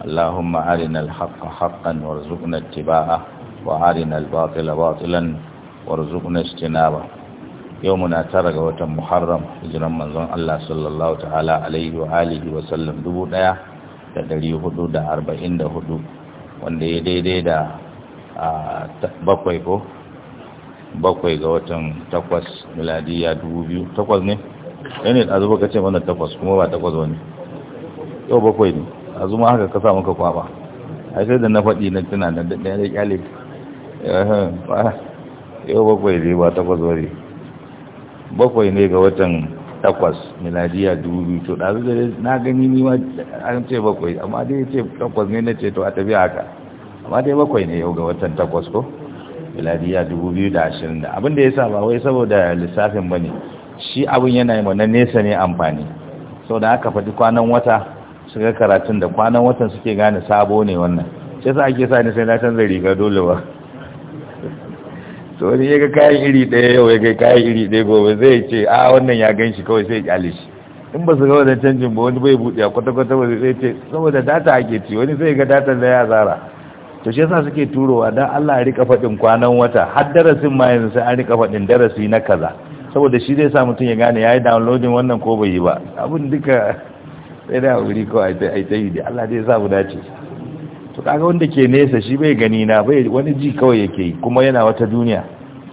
اللهم أرنا الحق حقا وارزقنا اتباعه وأرنا الباطل باطلا وارزقنا اجتنابه يومنا ترى وتم محرم هجرا من زن الله صلى الله تعالى عليه وآله وسلم دبو دايا da ɗari hudu da arba'in da hudu wanda ya daidai da bakwai ko bakwai ga watan takwas miladiya dubu biyu takwas ne ya ne a zuba ce mana takwas kuma ba takwas wani yau bakwai ne a zuma haka ka sa maka kwaba a sai da na faɗi na tuna da ɗaya da ƙyale yau bakwai ne ba takwas wari bakwai ne ga watan takwas miladiya dubu to ɗazu da na gani ni ma an ce bakwai amma dai ce takwas ne na ce to a tafi haka amma dai bakwai ne yau ga watan takwas ko miladiya dubu biyu da ashirin da abin da ya sa ba wai saboda lissafin ba ne shi abin yana yi na nesa ne amfani sau da aka faɗi kwanan wata ga karatun da kwanan watan suke gane sabo ne wannan sai sa ake sa ni sai na canza riga dole ba to wani ya ga kayan iri ɗaya yau ya ga kayan iri ɗaya gobe zai ce a wannan ya gan shi kawai sai ya kyale shi in ba su ga wajen canjin ba wani bai buɗe a kwata-kwata ba zai ce saboda data ake ci wani sai ga data da ya zara to shi yasa suke turowa dan Allah ya rika faɗin kwanan wata har darasin ma yanzu sai an rika faɗin darasi na kaza saboda shi zai sa mutum ya gane ya yi downloading wannan ko bai yi ba abin duka sai da wuri ko a ta yi da Allah zai ya mu dace to kaga wanda ke nesa shi bai gani na bai wani ji kawai yake yi kuma yana wata duniya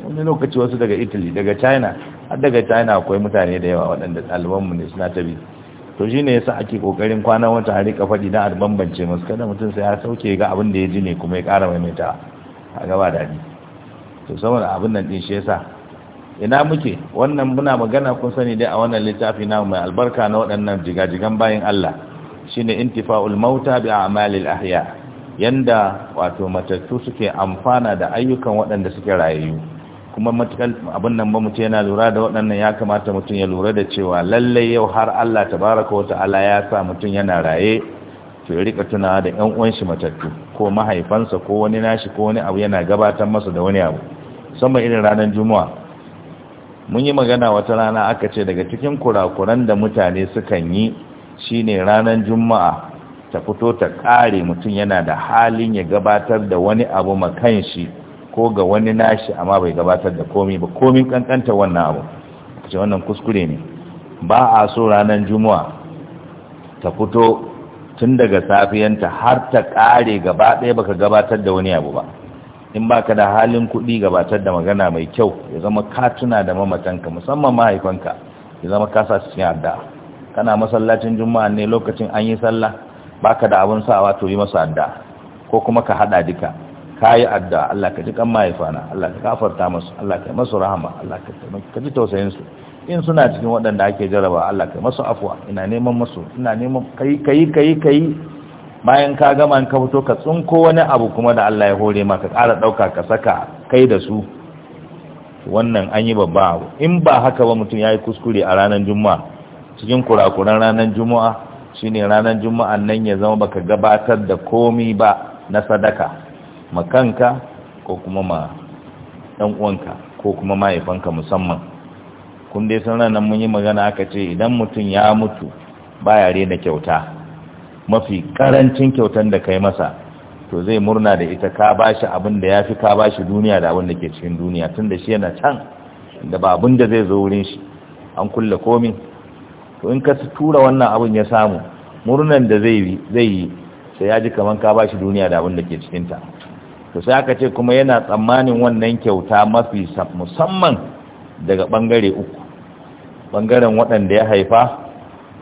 wani lokaci wasu daga Italy daga China har daga China akwai mutane da yawa waɗanda ɗaliban mu ne suna ta bi to shi ne yasa ake kokarin kwana wata har rika faɗi dan a bambance musu kada mutum sai ya sauke ga abin da ya ji ne kuma ya ƙara maimaita a gaba daɗi to saboda abin nan din shi yasa ina muke wannan muna magana kun sani dai a wannan littafi na mai albarka na waɗannan jigajigan bayan Allah shine intifa'ul mauta bi a'malil ahya yanda wato matattu suke amfana da ayyukan waɗanda suke rayu kuma matakan abin nan ba mutum yana lura da waɗannan ya kamata mutum ya lura da cewa lallai yau har Allah tabaraka wa ta'ala ya sa mutum yana raye to ya rika tunawa da ƴan uwan matattu ko mahaifansa ko wani nashi ko wani abu yana gabatar masa da wani abu Sama irin ranar juma'a mun yi magana wata rana aka ce daga cikin kurakuran da mutane sukan yi shine ranar juma'a ta fito ta kare mutum yana da halin ya gabatar da wani abu makan shi ko ga wani nashi amma bai gabatar da komi ba komin kankanta wannan abu ce wannan kuskure ne ba a so ranar juma'a ta fito tun daga safiyanta har ta kare gaba ɗaya baka gabatar da wani abu ba in ba ka da halin kuɗi gabatar da magana mai kyau ya zama ka tuna da mamatanka musamman mahaifanka ya zama ka sa cikin addu'a kana masallacin juma'a ne lokacin an yi sallah Ba ka da abun sawa to yi masa addu'a ko kuma ka haɗa duka yi addu'a Allah ka ji kan mahaifana Allah ka kafarta musu Allah ka yi masu rahama Allah ka ka ji tausayin su in suna cikin waɗanda ake jarabawa Allah ka yi. masu afuwa? ina neman masu ina neman kai kai kai kai bayan ka gama ka fito ka tsinko wani abu kuma da Allah ya hore maka ƙara ɗauka ka saka kai da su wannan an yi babba abu in ba haka ba mutum ya yi kuskure a ranar juma'a cikin kurakuran ranar juma'a shi ne ranar Juma'a nan ya zama baka gabatar da komi ba na sadaka kanka ko kuma ma ɗan uwanka ko kuma mahaifanka musamman kun dai sun ranar mun yi magana aka ce idan mutum ya mutu baya rena kyauta mafi karancin kyautan da kai masa to zai murna da ita ka bashi abin da fi ka bashi duniya da abin da ke cikin duniya tun da shi yana can da ba abin da zai zo wurin shi an kulle komi to in ka tura wannan abin ya samu murnan da zai yi sai ya ji kaman ka bashi duniya da abin da ke cikinta to sai aka ce kuma yana tsammanin wannan kyauta mafi musamman daga bangare uku bangaren waɗanda ya haifa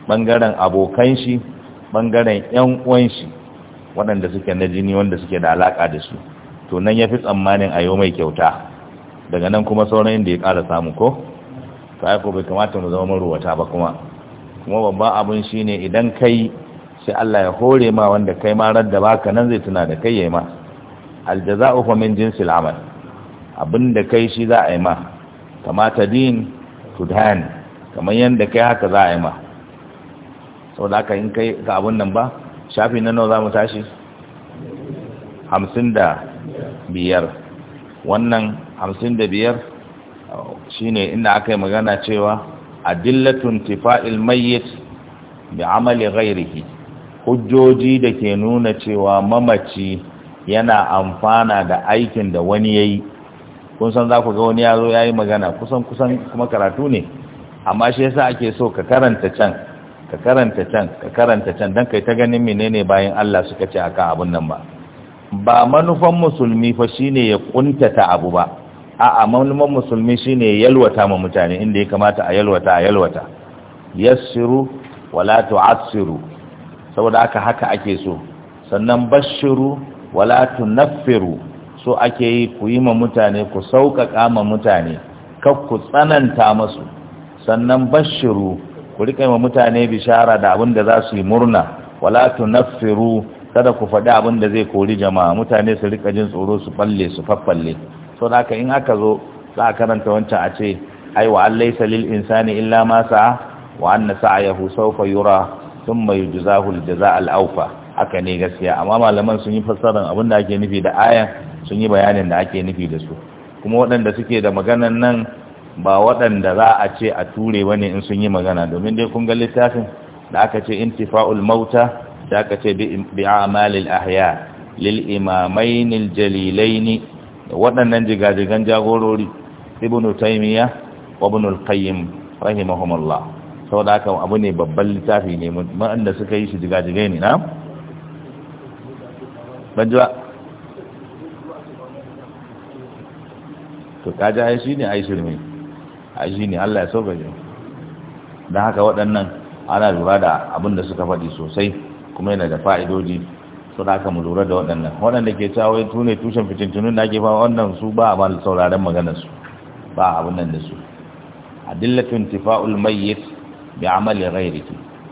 bangaren abokan shi bangaren yan uwan shi waɗanda suke na jini wanda suke da alaka da su to nan fi tsammanin a mai kyauta daga nan kuma sauran inda ya ƙara samu ko to ai ko bai kamata mu zama maruwata ba kuma kuma babban abin shine idan kai sai Allah ya hore ma wanda kai ma ran da baka nan zai tuna da kai yayi ma aljaza'u fa min jinsil amal abinda kai shi za a yi ma kamata din tudan kamar yadda kai haka za a yi ma sau da aka yin kai ga abun nan ba shafi na nawa za mu tashi hamsin da biyar wannan hamsin da biyar shi ne inda aka yi magana cewa a adillatun tifa'il mayyit da amali gairiki hujjoji da ke nuna cewa mamaci yana amfana da aikin da wani yayi kun san za ku ga wani ya zo ya yi magana kusan kusan kuma karatu ne amma shi yasa ake so ka karanta can ka karanta can ka karanta can don kai ta ganin menene bayan Allah suka ce akan abun nan ba ba manufan musulmi fa shine ya kuntata abu ba a'a manufan musulmi shine ya yalwata ma mutane inda ya kamata a yalwata a yalwata yassiru wala tu'assiru saboda haka haka ake so sannan bashiru wala tunaffiru so ake yi ku yi ma mutane ku sauƙaƙa ma mutane kar ku tsananta masu sannan bashiru ku rika ma mutane bishara da abin da za su yi murna wala tunaffiru kada ku faɗi abin da zai kori jama'a mutane su rika jin tsoro su balle su faffalle so da in aka zo za a karanta wancan a ce ai wa allai salil insani illa ma sa'a wa anna sa'ayahu sawfa yura thumma yujzahu al jazaa awfa haka ne gaskiya amma malaman sun yi fassarar abin da ake nufi da ayan sun yi bayanin da ake nufi da su kuma waɗanda suke da maganan nan ba waɗanda za a ce a ture wani in sun yi magana domin dai kun ga littafin da aka ce intifa'ul mauta da aka ce bi amalil ahya lil imamain jalilaini. waɗannan jigajigan jagorori ibnu taymiya wa ibn al qayyim Sau da haka abu ne babban littafi ne wanda suka yi shi jigajigai ne na banjuwa to kaji ai shi ne ai shirme a shi ne Allah ya sauƙaƙe don haka waɗannan ana lura da abin da suka faɗi sosai kuma yana da fa'idoji su da aka mu lura da waɗannan waɗanda ke cewa wai tune tushen fitintunun da ake fama wannan su ba a ma sauraren maganar su ba abin nan da su A dillafin tifa'ul mayyit bi da ke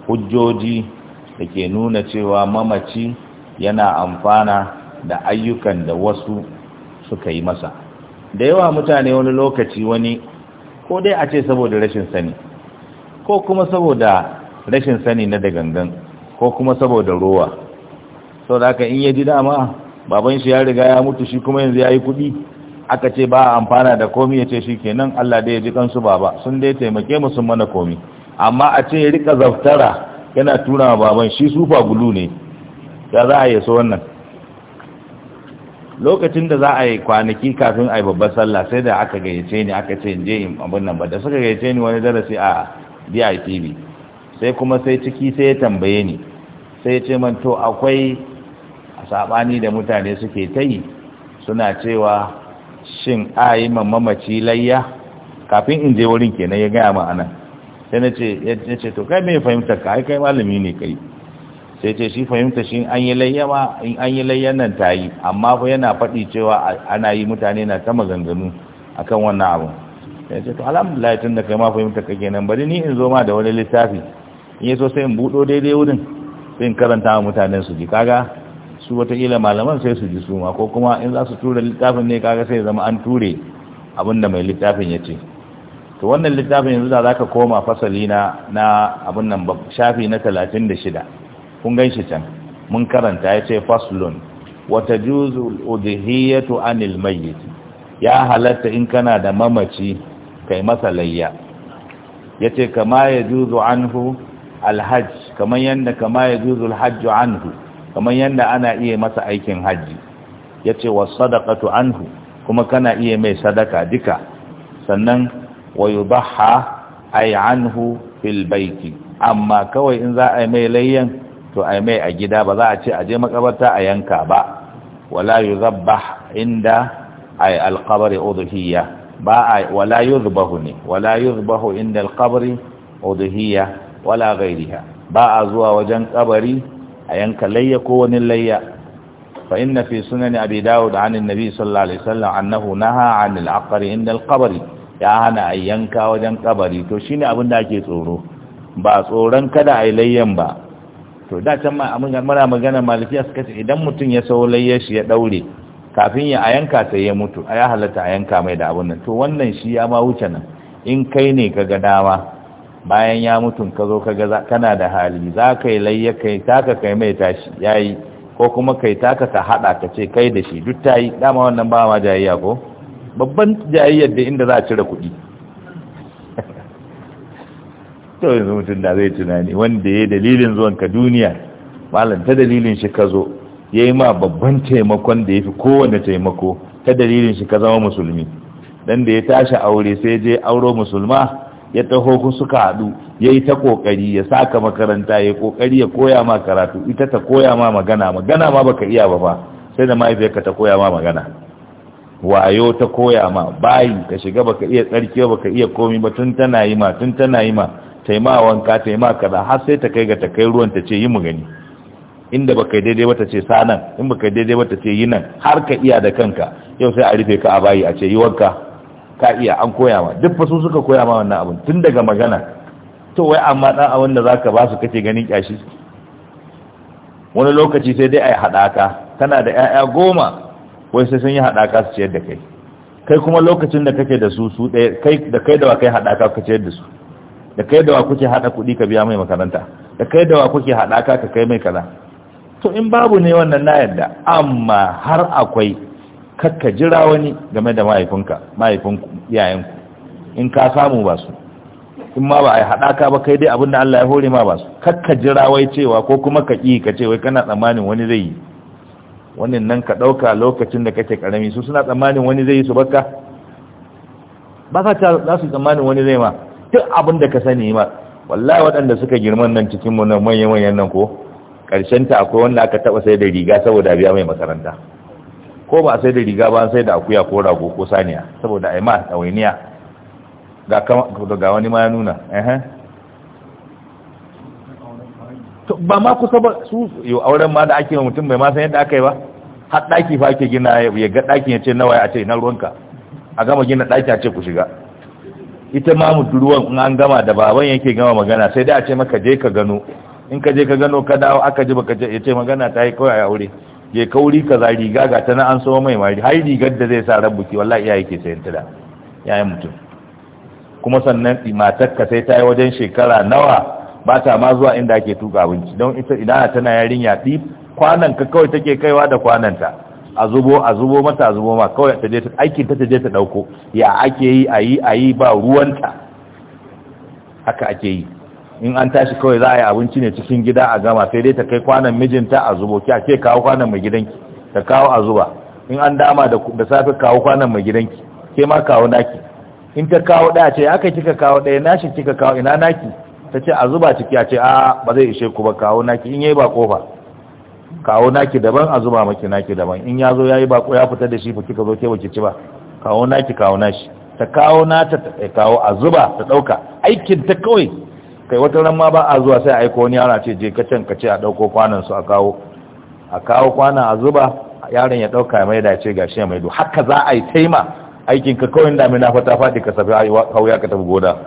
hujjoji da ke nuna cewa mamaci yana amfana da ayyukan da wasu suka yi masa da yawa mutane wani lokaci wani ko dai a ce saboda rashin sani ko kuma saboda rashin sani na da ko kuma saboda ruwa, sau da aka in ya ji dama baban shi ya riga ya mutu shi kuma yanzu ya yi kuɗi aka ce ba amfana da komi ya ce shi kenan Allah da ya ji kansu baba sun dai taimake mu sun mana komi amma a ce ya rika zaftara yana tura baban shi sufa gulu ne ya za a yi so wannan lokacin da za a yi kwanaki kafin a yi babbar sallah sai da aka gayyace ni aka ce je in abin nan ba da suka gayyace ni wani darasi a DITV sai kuma sai ciki sai ya tambaye ni sai ya ce man to akwai sabani da mutane suke ta yi suna cewa shin a yi mamaci layya kafin in je wurin kenan ya gaya ma anan sai na ce ya ce to kai mai fahimtar ka ai kai malami ne kai sai ce shi fahimta shi an yi layyama in an yi layyan nan ta yi amma fa yana faɗi cewa ana yi mutane na ta maganganu akan wannan abu ya ce to alhamdulillah tun da kai ma fahimta ka nan bari ni in zo ma da wani littafi in yaso sai in buɗo daidai wurin sai in karanta wa mutanen su ji kaga su wataƙila malaman sai su ji su ma ko kuma in za su tura littafin ne kaga sai zama an ture abin da mai littafin ya ce to wannan littafin yanzu da za ka koma fasali na abin nan shafi na talatin da shida kun gan shi can mun karanta ya ce faslun wata juzul udhiyatu anil mayyit ya halatta in kana da mamaci kai masa layya yace kama ya juzu anhu alhajj kaman yanda kama ya juzu alhajj anhu kaman yanda ana iya masa aikin haji yace was anhu kuma kana iya mai sadaka duka sannan wa yudhha ay anhu fil amma kawai in za a mai layyan to ai mai a gida ba za a ce a je makabarta a yanka ba wala yuzabbah inda ay alqabri udhiyya ba ay wala yuzbahu ne wala yuzbahu inda alqabri udhiyya wala ghayriha ba a zuwa wajen kabari a yanka layya ko wani layya fa inna fi sunan abi daud an annabi sallallahu alaihi wasallam annahu naha an alaqri inda alqabri ya hana a yanka wajen kabari to shine abin da ake tsoro ba tsoron kada a yi layyan ba to da can ma muna magana malikiya suka ce idan mutum ya layyar shi ya daure kafin ya ayanka sai ya mutu a ya halatta ayanka mai da abun nan to wannan shi ya ma wuce nan in kai ne ka ga dama bayan ya mutum ka zo ka kaga kana da hali za ka yi layya kai taka kai mai tashi yayi ko kuma kai taka ka hada ka ce kai da shi duk tayi dama wannan ba ma jayayya ko babban jayayyar da inda za a cire kuɗi kawai yanzu mutum da zai tunani wanda ya dalilin zuwan ka duniya malam ta dalilin shi ka zo ya yi ma babban taimakon da ya fi kowane taimako ta dalilin shi ka zama musulmi dan da ya tashi aure sai je auro musulma ya taho ku suka haɗu ya yi ta ƙoƙari ya saka makaranta ya ƙoƙari ya koya ma karatu ita ta koya ma magana magana ma baka iya ba ba sai da mahaifiyarka ta koya ma magana wayo ta koya ma bayi ka shiga baka iya tsarki baka iya komi ba tun tana yi ma tun tana yi ma taima wanka taima kaza har sai ta kai ga ta kai ruwan ta ce yi mu gani inda baka daidai ba ta ce sanan in baka daidai ba ta ce yi nan har ka iya da kanka yau sai a rufe ka a bayi a ce yi wanka ka iya an koya ma duk fa su suka koya ma wannan abun tun daga magana to wai amma dan abin da zaka ba su kake ganin kyashi wani lokaci sai dai ai hadaka tana da ƴaƴa goma wai sai sun yi hadaka su ciyar da kai kai kuma lokacin da kake da su su ɗaya kai da kai da wa kai hadaka ka ciyar da su da kai da wa kuke hada kuɗi ka biya mai makaranta da kai da wa kuke hada ka ka kai mai kaza to in babu ne wannan na yadda amma har akwai kakka jira wani game da mahaifinka mahaifinku iyayenku in ka samu ba su in ma ba a yi haɗaka ba kai dai abin da Allah ya hore ma ba su kakka jira wai cewa ko kuma ka ƙi ka ce wai kana tsammanin wani zai yi wannan nan ka ɗauka lokacin da kake ƙarami su suna tsammanin wani zai yi su baka ba ka ta za su tsammanin wani zai ma duk abin da ka sani ma wallahi waɗanda suka girman nan cikin mu nan manyan manyan nan ko karshen ta akwai wanda aka taba sai da riga saboda biya mai makaranta ko ba sai da riga ba sai da akuya ko rago ko saniya saboda ai ma tawainiya ga ga wani ma ya nuna eh to ba ma kusa ba su yau auren ma da ake mutum bai ma san yadda aka yi ba har daki fa ake gina ya ga daki ya ce nawa ya ce na ruwanka a gama gina daki a ce ku shiga ita ma ruwan in an gama da baban yake gama magana sai dai a ce maka je ka gano in ka je ka gano ka dawo aka ji baka ya ce magana ta yi kawai a aure je kauri za riga ga ta na an so mai mari har rigar da zai sa rabbuki wallahi iyaye ke sayan tada yayin mutum kuma sannan matar ka sai ta yi wajen shekara nawa ba ta ma zuwa inda ake tuka abinci don ita idan tana yarinya ɗi kwanan ka kawai take kaiwa da kwananta a zubo a zubo mata a zubo ma kawai ta je ta aikin ta je ta dauko ya ake yi a yi a yi ba ruwanta haka ake yi in an tashi kawai za a yi abinci ne cikin gida a gama sai dai ta kai kwanan mijinta a zubo ki ake kawo kwanan mai gidanki ta kawo a zuba in an dama da da safe kawo kwanan mai gidanki ke ma kawo naki in ta kawo daya ce aka kika kawo daya nashi kika kawo ina naki ta ce a zuba ciki a ce a ba zai ishe ku ba kawo naki in yayi ba kofa kawo naki daban a zuba maki naki daban in ya zo ya yi bako ya fita da shi fa kika zo ke baki ci ba kawo naki kawo nashi ta kawo nata ta kawo a zuba ta ɗauka aikin ta kawai kai wata ran ma ba a zuwa sai a aiko wani yara ce je ka ce a ɗauko kwanan su a kawo a kawo kwana a zuba yaron ya ɗauka ya maida ce gashi ya maido haka za a yi taima aikin ka kawai damina fata faɗi ka safi hau ya ka tafi goda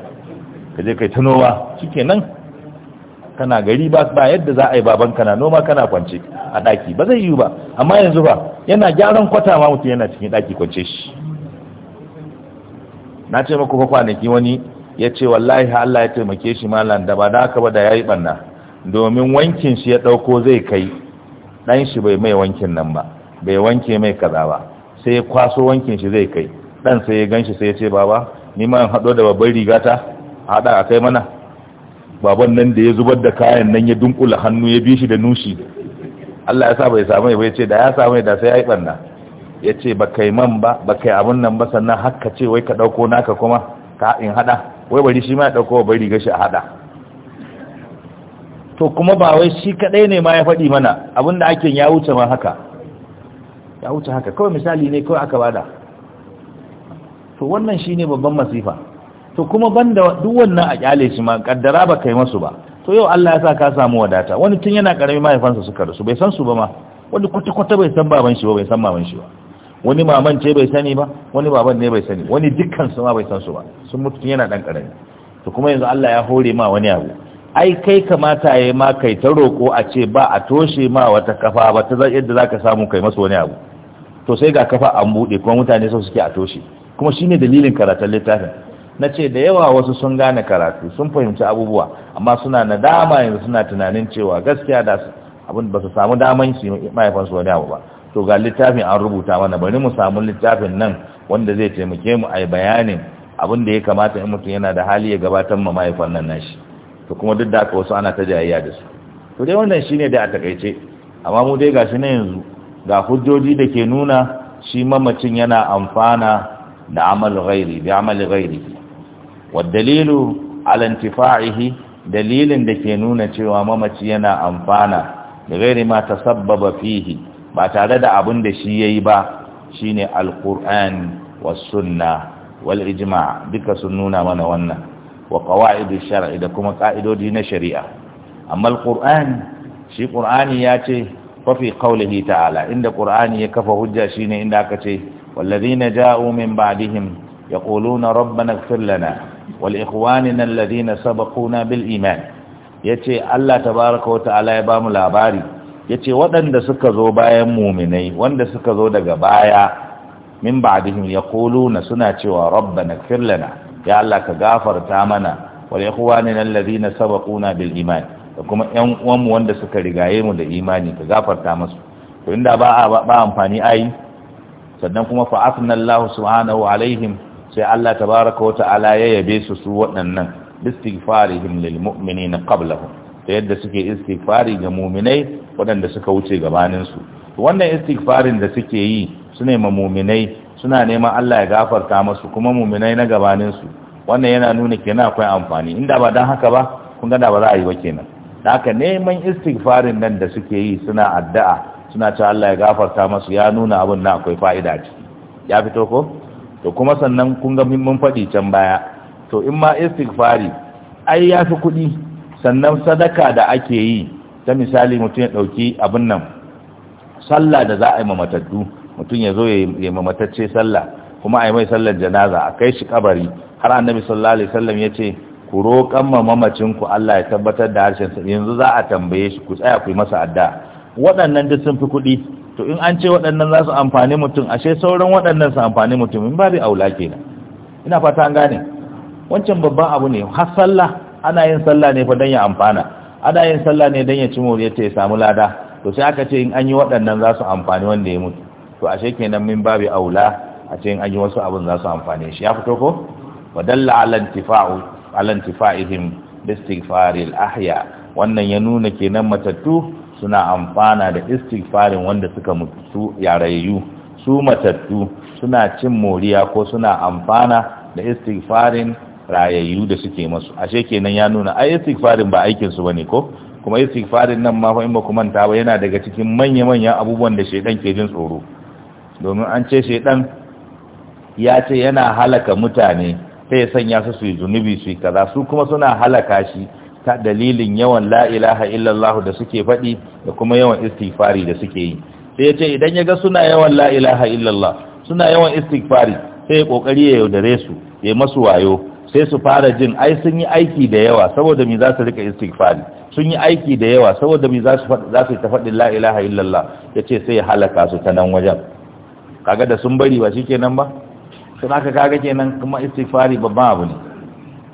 ka je kai ta noma kenan kana gari ba ba yadda za a yi baban kana noma kana kwance a daki ba zai yi ba amma yanzu ba yana gyaran kwata ma mutum yana cikin daki kwance shi na ce muku kwanaki wani ya ce wallahi Allah ya taimake shi malam da ba da haka ba da yayi banna domin wankin shi ya dauko zai kai dan shi bai mai wankin nan ba bai wanke mai kaza ba sai ya kwaso wankin shi zai kai dan sai ya ganshi sai ya ce baba ni ma in hado da babban rigata hada a kai mana baban nan da ya zubar da kayan nan ya dunkula hannu ya bi shi da nushi Allah ya sa bai samu ya ce da ya samu da sai ya yi ɓanna. ya ce ba kai man ba ba kai abin nan ba sannan haka ce wai ka ɗauko naka kuma ka in haɗa wai bari shi ma ya ɗauko bai riga shi a haɗa to kuma ba wai shi kaɗai ne ma ya faɗi mana abin da ake ya wuce ma haka ya wuce haka kawai misali ne kawai aka bada to wannan shi ne babban masifa to kuma banda duk wannan a kyale shi ma kaddara ba kai masu ba to yau Allah ya sa ka samu wadata wani tun yana karami mahaifansa suka rasu bai san su ba ma wani kwata kwata bai san baban shi ba bai san maman shi ba wani maman ce bai sani ba wani baban ne bai sani wani dukkan su ma bai san su ba sun mutu tun yana dan karami to kuma yanzu Allah ya hore ma wani abu ai kai kamata yayi ma kai ta roko a ce ba a toshe ma wata kafa ba ta yadda zaka samu kai masa wani abu to sai ga kafa an bude kuma mutane sun suke a toshe kuma shine dalilin karatun littafin na ce da yawa wasu sun gane karatu sun fahimci abubuwa amma suna na dama yanzu suna tunanin cewa gaskiya da abin ba su samu daman shi mahaifansu wani abu ba to ga littafin an rubuta mana bari mu samu littafin nan wanda zai taimake mu a yi bayanin abin da ya kamata in mutum yana da hali ya gabatar ma mahaifan nan nashi to kuma duk da haka wasu ana ta jayayya da su to dai wannan shine dai a takaice amma mu dai gashi na yanzu ga hujjoji da ke nuna shi mamacin yana amfana da amal ghairi bi amal ghairi waddalilu alantifa'ihi dalilin da ke nuna cewa mamaci yana amfana da gairi ma ta sabbaba fihi ba tare da abin da shi ya yi ba shine ne alƙur'an wasunna wal ijma duka sun nuna mana wannan wa ƙawa'idu shari'a da kuma ƙa'idodi na shari'a amma alƙur'an shi ƙur'ani ya ce fafi ƙaulihi ta'ala inda ƙur'ani ya kafa hujja shine, inda aka ce wallazina ja'u min ba'dihim yaquluna rabbana ighfir lana wal'ikhwanin alladhina sabaquna bil iman yace Allah tabaaraka wata ala ya bamu labari yace waɗanda suka zo bayan mu'minai wanda suka zo daga baya min ya yaquluna suna cewa rabbana na firlana. ya Allah ka gafarta mana wal'ikhwanin alladhina sabaquna bil iman da kuma ƴan uwanmu wanda suka rigaye mu da imani ka gafarta musu to inda ba ba amfani ai sannan kuma fa afna Allah subhanahu alaihim sai Allah tabaraka wa ta'ala ya yabe su su waɗannan istighfarihim lil mu'minina qablahum da yadda suke istighfari ga mu'minai waɗanda suka wuce gabanin su wannan istighfarin da suke yi su ne ma mu'minai suna neman Allah ya gafarta musu kuma mu'minai na gabanin su wannan yana nuna kenan akwai amfani inda ba dan haka ba kun ga da ba za a yi ba kenan da haka neman istighfarin nan da suke yi suna addu'a suna cewa Allah ya gafarta masu ya nuna abin na akwai fa'ida ce ya fito ko to kuma sannan kun ga mun faɗi can baya to in ma istighfari ai ya fi kuɗi sannan sadaka da ake yi ta misali mutum ya ɗauki abin nan sallah da za a yi mamatattu mutum ya zo ya mamatacce sallah kuma a yi mai sallar janaza a kai shi kabari har annabi sallallahu alaihi wasallam ya ce ku roƙan mamacinku Allah ya tabbatar da harshensa yanzu za a tambaye shi ku tsaya ku yi masa addu'a waɗannan duk sun fi kuɗi to in an ce waɗannan za su amfani mutum ashe sauran waɗannan su amfani mutum in ba zai aula kenan ina fata an gane wancan babban abu ne har sallah ana yin sallah ne fa don ya amfana ana yin sallah ne don ya ci moriyar ta ya samu lada to sai aka ce in an yi waɗannan za su amfani wanda ya mutu to ashe kenan min bi aula a ce in an yi wasu abin za su amfani shi ya fito ko wadalla alantifa'ihim bistighfaril ahya wannan ya nuna kenan matattu suna amfana da istighfarin wanda suka mutu su yarayyu su matattu suna cin moriya ko suna amfana da istighfarin rayayyu da suke masu ashe kenan ya nuna ai istighfarin ba aikin su bane ko kuma istighfarin nan ma fa in ba manta ba yana daga cikin manya-manyan abubuwan da shedan ke jin tsoro domin an ce shedan ya ce yana halaka mutane sai ya sanya su su yi zunubi su yi kaza su kuma suna halaka shi ta dalilin yawan la ilaha illallah da suke faɗi da kuma yawan istighfari da suke yi sai ya ce idan ya ga suna yawan la ilaha illallah suna yawan istighfari sai ya kokari ya yaudare su ya masu wayo sai su fara jin ai sun yi aiki da yawa saboda me za su rika istighfari sun yi aiki da yawa saboda me za su za su ta faɗin la ilaha illallah ce sai ya halaka su ta nan wajen kaga da sun bari ba shikenan ba sai aka kaga kenan kuma istighfari babban abu ne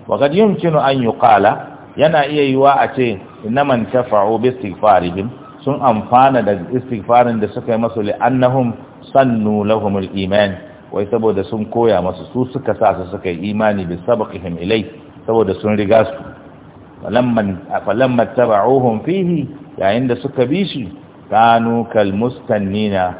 wa kad yumkinu an yuqala yana iya yiwa a ce man tafa'u bi istighfarihim sun amfana da istighfarin da suka yi masu li'annahum sannu al iman wai saboda sun koya masu su suka sa su suka yi imani bi sabqihim ilai saboda sun riga su falamman falamma taba'uhum fihi yayin da suka bi shi kanu kal mustannina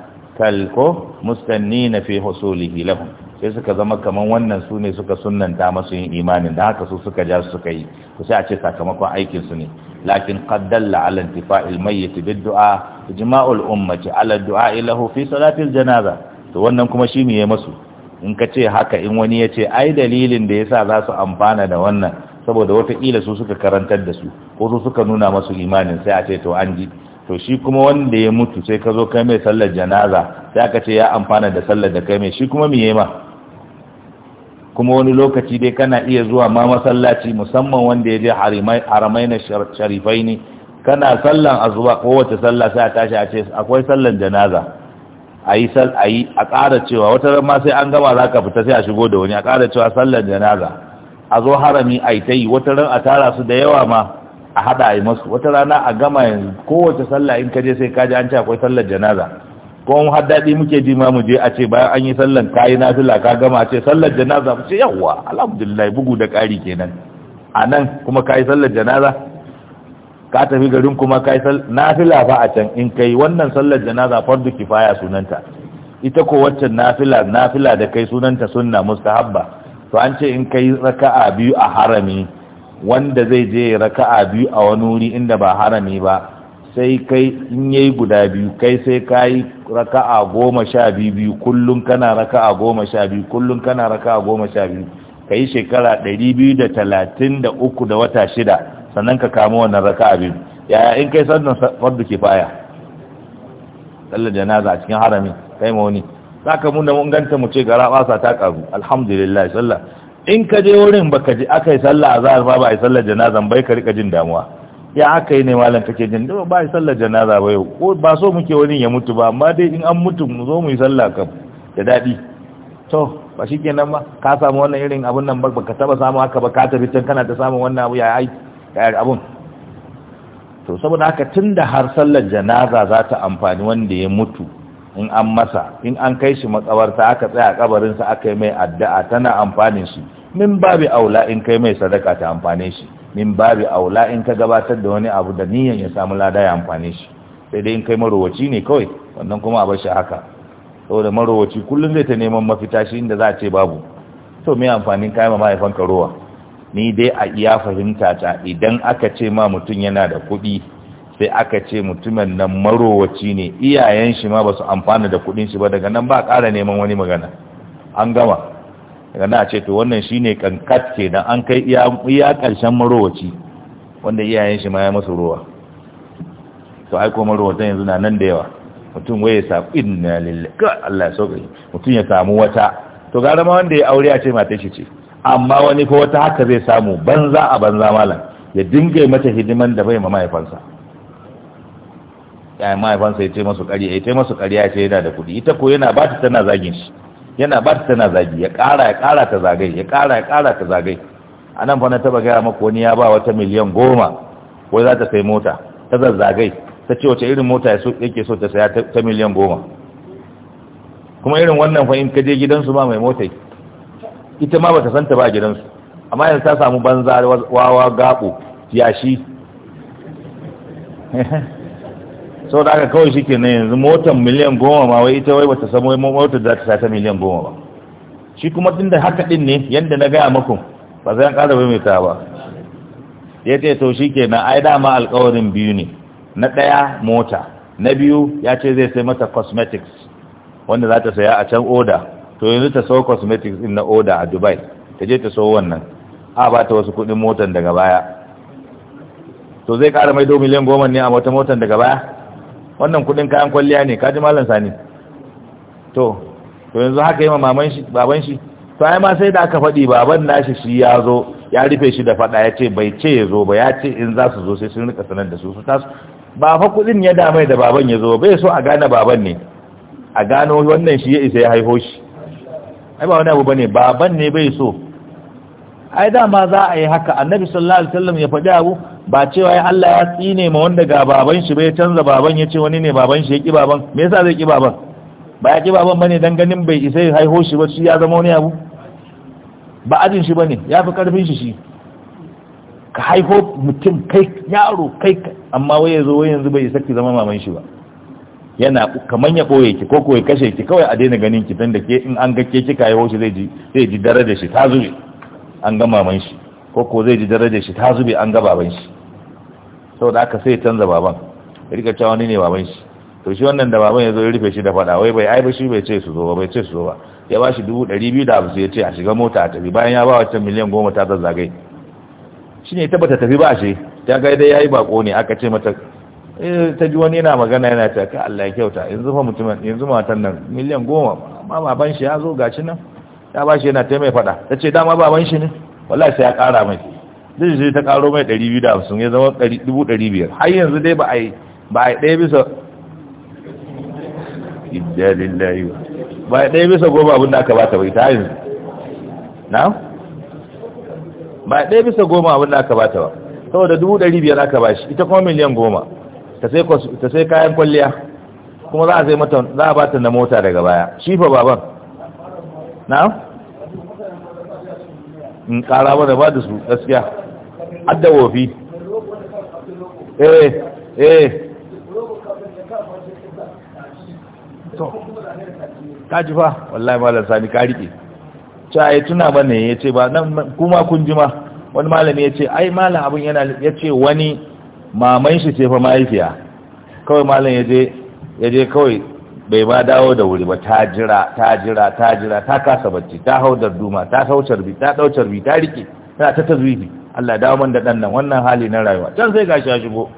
ko mustannina fi husulihi lahum sai suka zama kaman wannan su ne suka sunnanta masu yin imanin da haka su suka ja suka yi Ku sai a ce sakamakon aikin su ne lakin qad dalla ala intifa'il mayyit bid du'a ijma'ul ummati ala du'a lahu fi salatil janaza to wannan kuma shi ne ya masu in ka ce haka in wani ya ce ai dalilin da yasa za su amfana da wannan saboda watakila su suka karantar da su ko su suka nuna masu imanin sai a ce to an ji to shi kuma wanda ya mutu sai ka zo kai mai sallar janaza sai aka ce ya amfana da sallar da kai mai shi kuma me ma. kuma wani lokaci dai kana iya zuwa ma masallaci musamman wanda ya je haramai na sharifai ne kana sallan a zuwa kowace sallah sai a tashi a ce akwai sallan janaza a yi a ƙara cewa wata ma sai an gama za ka fita sai a shigo da wani a ƙara cewa sallan janaza a zo harami a yi ta yi wata ran a tara su da yawa ma a haɗa a yi masu wata rana a gama yanzu kowace sallah in ka je sai ka ji an ce akwai sallan janaza ko mu har daɗi muke ji ma mu je a ce bayan an yi sallan kayi nafila ka gama a ce sallar janaza mu ce yawwa alhamdulillah bugu da ƙari kenan a nan kuma kayi sallar janaza ka tafi garin kuma kayi sallar nafila fa a can in kai wannan sallar janaza fardu kifaya sunanta ita ko waccan nafila nafila da kai sunanta sunna mustahabba to an ce in kai raka'a biyu a harami wanda zai je raka'a biyu a wani wuri inda ba harami ba sai kai in yi guda biyu kai sai ka yi raka'a goma sha biyu kullum kana raka'a goma sha biyu kullum kana raka'a goma sha biyu ka yi shekara ɗari biyu da talatin da uku da wata shida sannan ka kama wannan raka'a biyu yaya in kai sannan fardu ke baya tsallar janaza a cikin harami kai ma wani za ka mun da mun ganta mu ce gara basa ta karu alhamdulillah sallah in ka je wurin baka ji aka yi sallah a zahar ba ba a yi sallar janazan bai ka rika jin damuwa ya aka yi ne malam kake jin da ba yi sallar janaza ba yau ko ba so muke wani ya mutu ba amma dai in an mutu mu zo mu yi sallah kam da dadi to ba shi kenan ba ka samu wannan irin abun nan ba ka taba samu haka ba ka tafi can kana ta samun wannan abu ya yi abun to saboda haka tun da har sallar janaza za ta amfani wanda ya mutu in an masa in an kai shi makabarta aka tsaya a kabarinsa aka yi mai addu'a tana amfanin shi min babu aula in kai mai sadaka ta amfane shi min babi aula in ka gabatar da wani abu da niyan ya samu lada ya amfane shi sai dai in kai marowaci ne kawai wannan kuma a bashi haka saboda marowaci kullum zai ta neman mafita shi inda za a ce babu to me amfanin ma mahaifan rowa ni dai a iya fahimta ta idan aka ce ma mutum yana da kuɗi sai aka ce mutumin nan marowaci ne iyayen shi ma ba su amfana da kuɗin shi ba daga nan ba ƙara neman wani magana an gama daga na ce to wannan shine kankat da an kai iya ƙarshen marowaci wanda iyayen shi ma ya masu ruwa to ai ko marowatan yanzu na nan da yawa mutum waye sa inna lillahi Allah ya soka mutum ya samu wata to gara ma wanda ya aure a ce mata shi ce amma wani ko wata haka zai samu banza a banza malam ya dinga mata hidiman da bai ma mahaifansa ya mahaifansa ya ce masu ƙarya ya ce masu ƙarya ya ce yana da kuɗi ita ko yana ba ta tana zagin shi yana ba ta tana zagi ya ƙara ya ƙara ta zagai ya ƙara ya ƙara ta zagai a nan fana taba gaya maka wani ya ba wata miliyan goma ko za ta sai mota ta zazzagai ta ce wace irin mota yake so ta saya ta miliyan goma kuma irin wannan fa in ka je gidansu ba mai mota ita ma bata santa ba gidansu amma yanzu ta samu banza wawa gaɓo yashi sau da aka kawai shi ke nan yanzu motar miliyan goma ma wai ita wai bata samu motar da ta sata miliyan goma ba shi kuma tun da haka din ne yadda na gaya maku ba zai an ƙara mai ta ba ya ce to shi ke nan ai dama alkawarin biyu ne na ɗaya mota na biyu ya ce zai sai mata cosmetics wanda za ta saya a can oda to yanzu ta sau cosmetics din na oda a dubai ta je ta sau wannan a ba ta wasu kuɗin motar daga baya to zai ƙara mai 2 miliyan goma ne a wata motar daga baya wannan kudin kayan kwalliya ne kaji malam sani to to yanzu haka yi ma maman shi baban shi to ai ma sai da aka faɗi baban nashi shi ya zo ya rufe shi da faɗa ya ce bai ce ya zo ba ya ce in za su zo sai sun rika sanar da su su tasu ba fa kudin ya mai da baban ya zo bai so a gane baban ne a gano wannan shi ya isa ya haifo shi ai ba wani abu bane baban ne bai so ai dama za a yi haka annabi sallallahu alaihi wasallam ya faɗi abu ba cewa ya Allah ya tsine ma wanda ga baban shi bai canza baban ya ce wani ne baban shi ya ki baban me yasa zai ki baban ba ya ki baban bane dan ganin bai isa ya haiho shi ba shi ya zama wani abu ba ajin shi bane ya fi karfin shi shi ka haiho mutum kai yaro kai amma wai yazo wai yanzu bai isa ki zama maman shi ba yana kaman ya boye ki ko ko ya kashe ki kawai a daina ganin ki dan da ke in an ga ke kika haiho shi zai ji zai ji dare da shi ta zube an ga maman shi ko ko zai ji darajar shi ta zube an ga baban shi saboda aka sai canza baban rika cewa wani ne baban shi to shi wannan da baban ya zo ya rufe shi da fada wai bai ai ba shi bai ce su zo ba bai ce su zo ba ya ba shi dubu ɗari biyu da hamsin ya ce a shiga mota a tafi bayan ya ba wa can miliyan goma ta zazzagai shi ne ta bata tafi ba shi ta ga dai ya yi bako ne aka ce mata eh, ta ji wani yana magana yana ta ka Allah ya kyauta yanzu fa mutumin yanzu matan nan miliyan goma ma baban shi ya zo gashi nan ta ba shi yana ta mai faɗa ta ce dama baban shi ne wallahi sai ya ƙara mai zai shi ta ƙaro mai ɗari biyu da hamsin ya zama dubu ɗari biyar har yanzu dai ba a yi ba a yi ɗaya bisa idalin layu ba a yi ɗaya bisa goma abin da aka ta bai ta yanzu na ba a ɗaya bisa goma abin da aka ta ba saboda dubu ɗari biyar aka ba shi ita kuma miliyan goma ta sai kayan kwalliya kuma za a sai mata za a bata na mota daga baya shifa baban na'am in mm, kara ba da ba da su gaskiya adda wofi eh eh to kaji fa wallahi malam sani ka rike ta yi tuna ba ne ya ce ba nan kuma kun jima wani malami ya ce ai malam abin yana yace wani maman shi ce fa mahaifiya kawai malam yaje yaje ya je kawai bai ma dawo da wuri ba ta jira ta jira ta jira ta kasa bacci ta hau duma ta saucar bi ta daucar bi ta rike tana ta tazwifi Allah dawo man da dan nan wannan hali na rayuwa can sai gashi ya shigo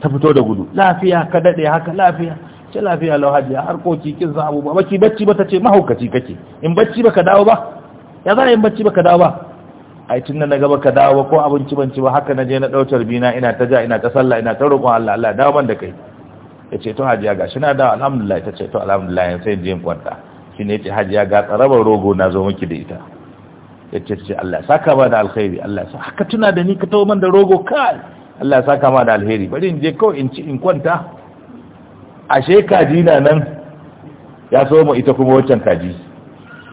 ta fito da gudu lafiya ka dade haka lafiya ce lafiya lau hajiya harkoki kin san abubuwa bacci bacci ba ta ce mahaukaci kake in bacci ba ka dawo ba ya za in bacci ba ka dawo ba ai tun na gaba ka dawo ko abinci ban ci ba haka na je na daucar bina ina ta ja ina ta sallah ina ta roƙon Allah Allah dawo man da kai ya ce to hajiya ga shi na da alhamdulillah ta ce to alhamdulillah sai je in kwanta shi ne ce hajiya ga tsarabar rogo na zo miki da ita ya ce ce Allah saka ba da alkhairi Allah sa haka tuna da ni ka tawo man da rogo kai Allah saka ma da alheri bari in je kawai in ci in kwanta ashe kaji na nan ya so mu ita kuma wancan kaji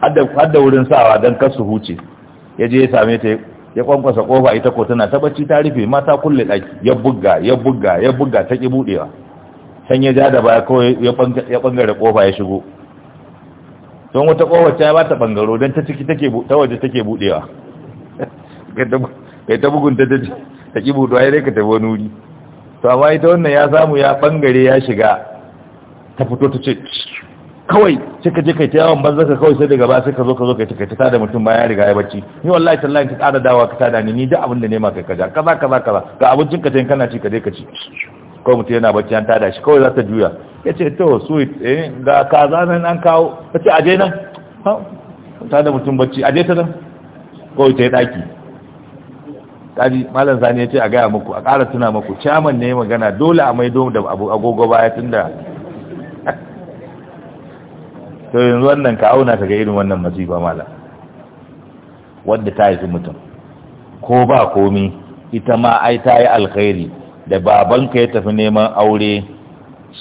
hadda hadda wurin sawa don kasu huce ya je ya same ta ya kwankwasa kofa ita ko tana ta bacci ta rufe mata kulle daki ya bugga ya bugga ya bugga ta ki budewa can ya ja da baya kawai ya bangare kofa ya shigo don wata kofar ta ba ta bangaro don ta ciki take ta waje take budewa kai ta bugunta ta ta ki buɗewa ya ka ta wani wuri to amma ita wannan ya samu ya bangare ya shiga ta fito ta ce kawai cika ka je kai ta yawon banza ka kawai sai daga ba sai ka zo ka zo kai ta ta tada mutum baya riga ya bacci ni wallahi tallahi ka tsara dawa ka tada ni ni duk abin da nema kai ka ja kaza kaza kaza ga abincin ka tayin kana ci ka je ka ci kawai mutum yana bacci an tada shi kawai za ta juya ya ce to sweet eh ga kaza nan an kawo ta ce aje nan ta da mutum bacci aje ta nan kawai ta yi ɗaki kaji malam sani ya ce a gaya muku a ƙara tuna muku chairman ne magana dole a maido da agogo baya tun da to yanzu wannan ka auna ta ga irin wannan masifa malam wadda ta su mutum ko ba komi ita ma ai ta yi alkhairi da babanka ya tafi neman aure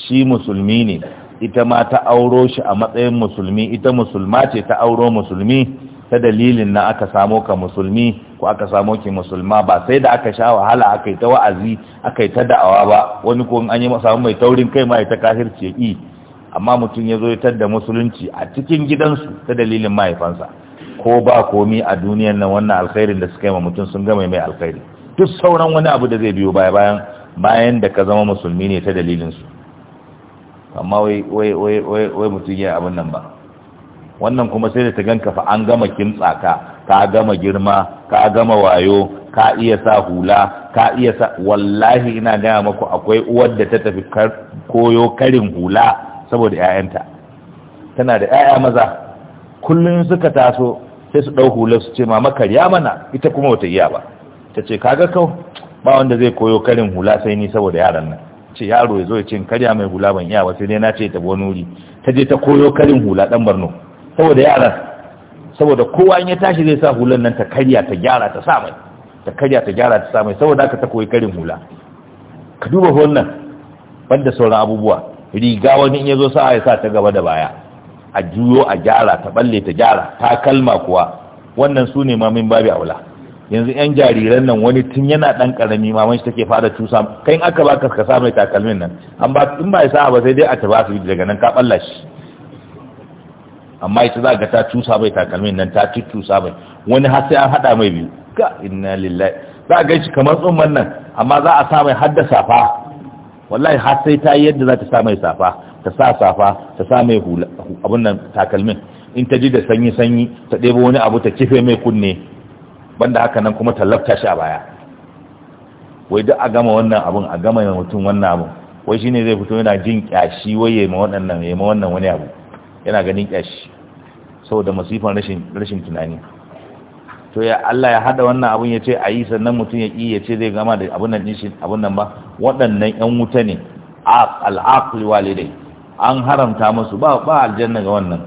shi musulmi ne ita ma ta auro shi a matsayin musulmi ita musulma ce ta auro musulmi ta dalilin na aka samo ka musulmi ko aka samo ki musulma ba sai da aka sha wahala aka yi ta wa'azi aka yi ta da'awa ba wani ko an yi samu mai taurin kai ma ta ce i amma mutum ya zo ya tadda musulunci a cikin gidansu ta dalilin mahaifansa ko ba komi a duniyan nan wannan alkhairin da suka yi ma mutum sun gama mai alkhairi duk sauran wani abu da zai biyo baya bayan bayan da ka zama musulmi ne ta dalilinsu amma wai mutum ya abin nan ba wannan kuma sai da ta ganka fa an gama kimtsa ka ka gama girma ka gama wayo ka iya sa hula ka iya sa wallahi ina gaya maku akwai uwar da ta tafi koyo karin hula saboda 'ya'yanta tana da 'ya'ya maza kullum suka taso sai su ɗau hula su ce mama karya mana ita kuma wata iya ba ta ce kaga kau ba wanda zai koyo karin hula sai ni saboda yaran nan ce yaro ya zo ya ce karya mai hula ban iya ba sai dai na ce ta wani wuri ta je ta koyo karin hula dan barno saboda yaran saboda kowa in ya tashi zai sa hulan nan ta karya ta gyara ta sa mai ta karya ta gyara ta sa mai saboda haka ta koyi karin hula ka duba wannan banda sauran abubuwa riga wani in ya zo sa ya sa ta gaba da baya a juyo a gyara ta balle ta gyara ta kalma kuwa wannan su ne mamin babi aula yanzu yan jariran nan wani tun yana dan karami maman shi take fara tusa kai in aka ba ka sa mai takalmin nan an ba in ba isa ba sai dai a tabasu su daga nan ka balla shi amma ita za ga ta tusa mai takalmin nan ta tusa mai wani har sai an hada mai biyu ka inna lillahi za ga shi kamar tsumman nan amma za a sa mai hadda safa wallahi har sai ta yi yadda za ta sa mai safa ta sa safa ta sa mai hula abun nan takalmin in ta ji da sanyi sanyi ta ɗebo wani abu ta kife mai kunne banda haka nan kuma tallafta shi a baya wai duk a gama wannan abun a gama mutum wannan abun wai shine zai fito yana jin kyashi wai yayi ma waɗannan yayi ma wannan wani abu yana ganin kyashi saboda masifan rashin rashin tunani to ya Allah ya hada wannan abun ya ce ayi yi sannan mutum ya yi ya ce zai gama da abun nan shi abun nan ba waɗannan 'yan wuta ne al'aqli walidai an haramta musu ba ba aljanna ga wannan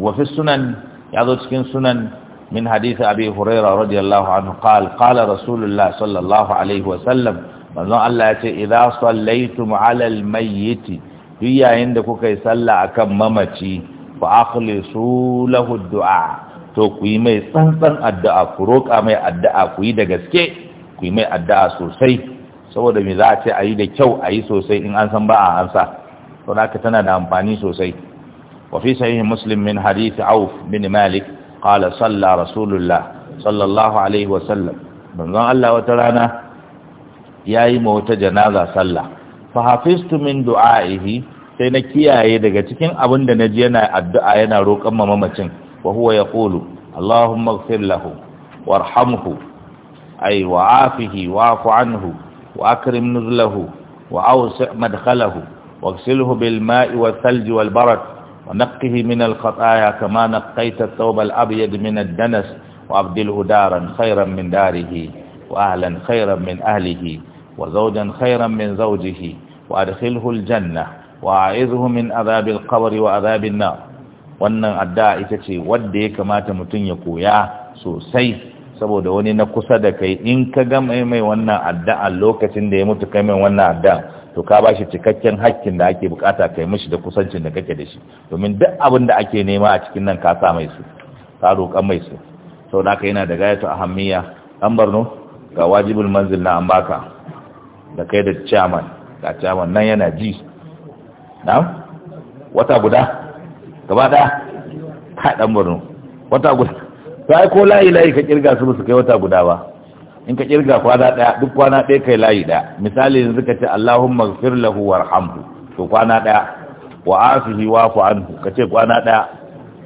wa fi sunan ya zo cikin sunan من حديث أبي هريرة رضي الله عنه قال قال رسول الله صلى الله عليه وسلم manzon Allah ya ce idza sallaitum ala almayyit duk yayin da kuka yi sallah akan mamaci fa akhlisu lahu du'a to ku yi mai tsantsan addu'a ku roka mai addu'a ku yi da gaske ku yi mai addu'a sosai saboda me za a ce ayi da kyau a yi sosai in an san ba a ansa to tana da amfani sosai wa fi sahih muslim min hadith auf bin malik qala salla rasulullah sallallahu alaihi wasallam manzon Allah wata rana yayi ma wata janaza sallah fa hafiztu min du'aihi sai na kiyaye daga cikin abin da naji yana addu'a yana roƙon ma mamacin wa huwa yaqulu allahumma ighfir lahu warhamhu ay wa'afihi wa'fu anhu wa akrim nuzlahu wa awsi' madkhalahu واغسله بالماء ونقه من الخطايا كما نقيت الثوب الأبيض من الدنس وأبدله دارا خيرا من داره وأهلا خيرا من أهله وزوجا خيرا من زوجه وأدخله الجنة وأعذه من عذاب القبر وعذاب النار wannan addu'a ita ce wadda ya kamata mutum ya koya sosai saboda wani na kusa da kai in ka ga mai mai wannan addu'a lokacin da ya mutu kai mai wannan addu'a to ka bashi cikakken hakkin da ake bukata kai mishi da kusancin da kake da shi domin duk abin da ake nema a cikin nan ka sa mai su ka roƙan mai su sau da aka yana da gayatu ahammiya an barno ga wajibul manzil na an baka da kai da chairman ga chairman nan yana ji na wata guda gaba ɗaya ka ɗan barno wata guda ta ko layi layi ka kirga su ba su kai wata guda ba in ka kirga kwana daya duk kwana daya kai layi daya misali yanzu ka ce Allahumma ighfir lahu warhamhu to kwana daya wa afihi fu anhu ka ce kwana daya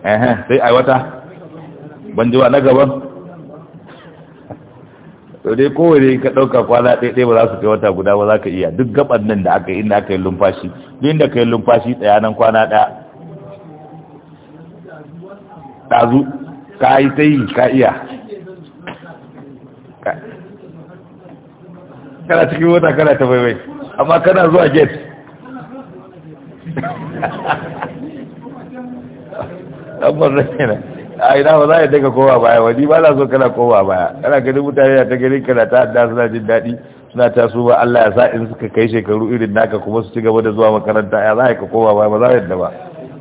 eh sai ai wata ban ji wa na gaban to dai kowane ka dauka kwana daya daya ba za su kai wata guda ba za ka iya duk gaban nan da aka yi inda aka yi lumfashi duk inda ka yi lumfashi tsaya nan kwana daya dazu ka yi ta yi ka iya kana cikin mota kana ta baibai amma kana zuwa gate abban ne a ina ba za a daga kowa baya wani ba na so kana kowa baya kana ganin mutane na ta ganin kana ta hada suna jin daɗi suna su ba Allah ya sa in suka kai shekaru irin naka kuma su ci gaba da zuwa makaranta ya za a yi ka kowa baya ba za a yadda ba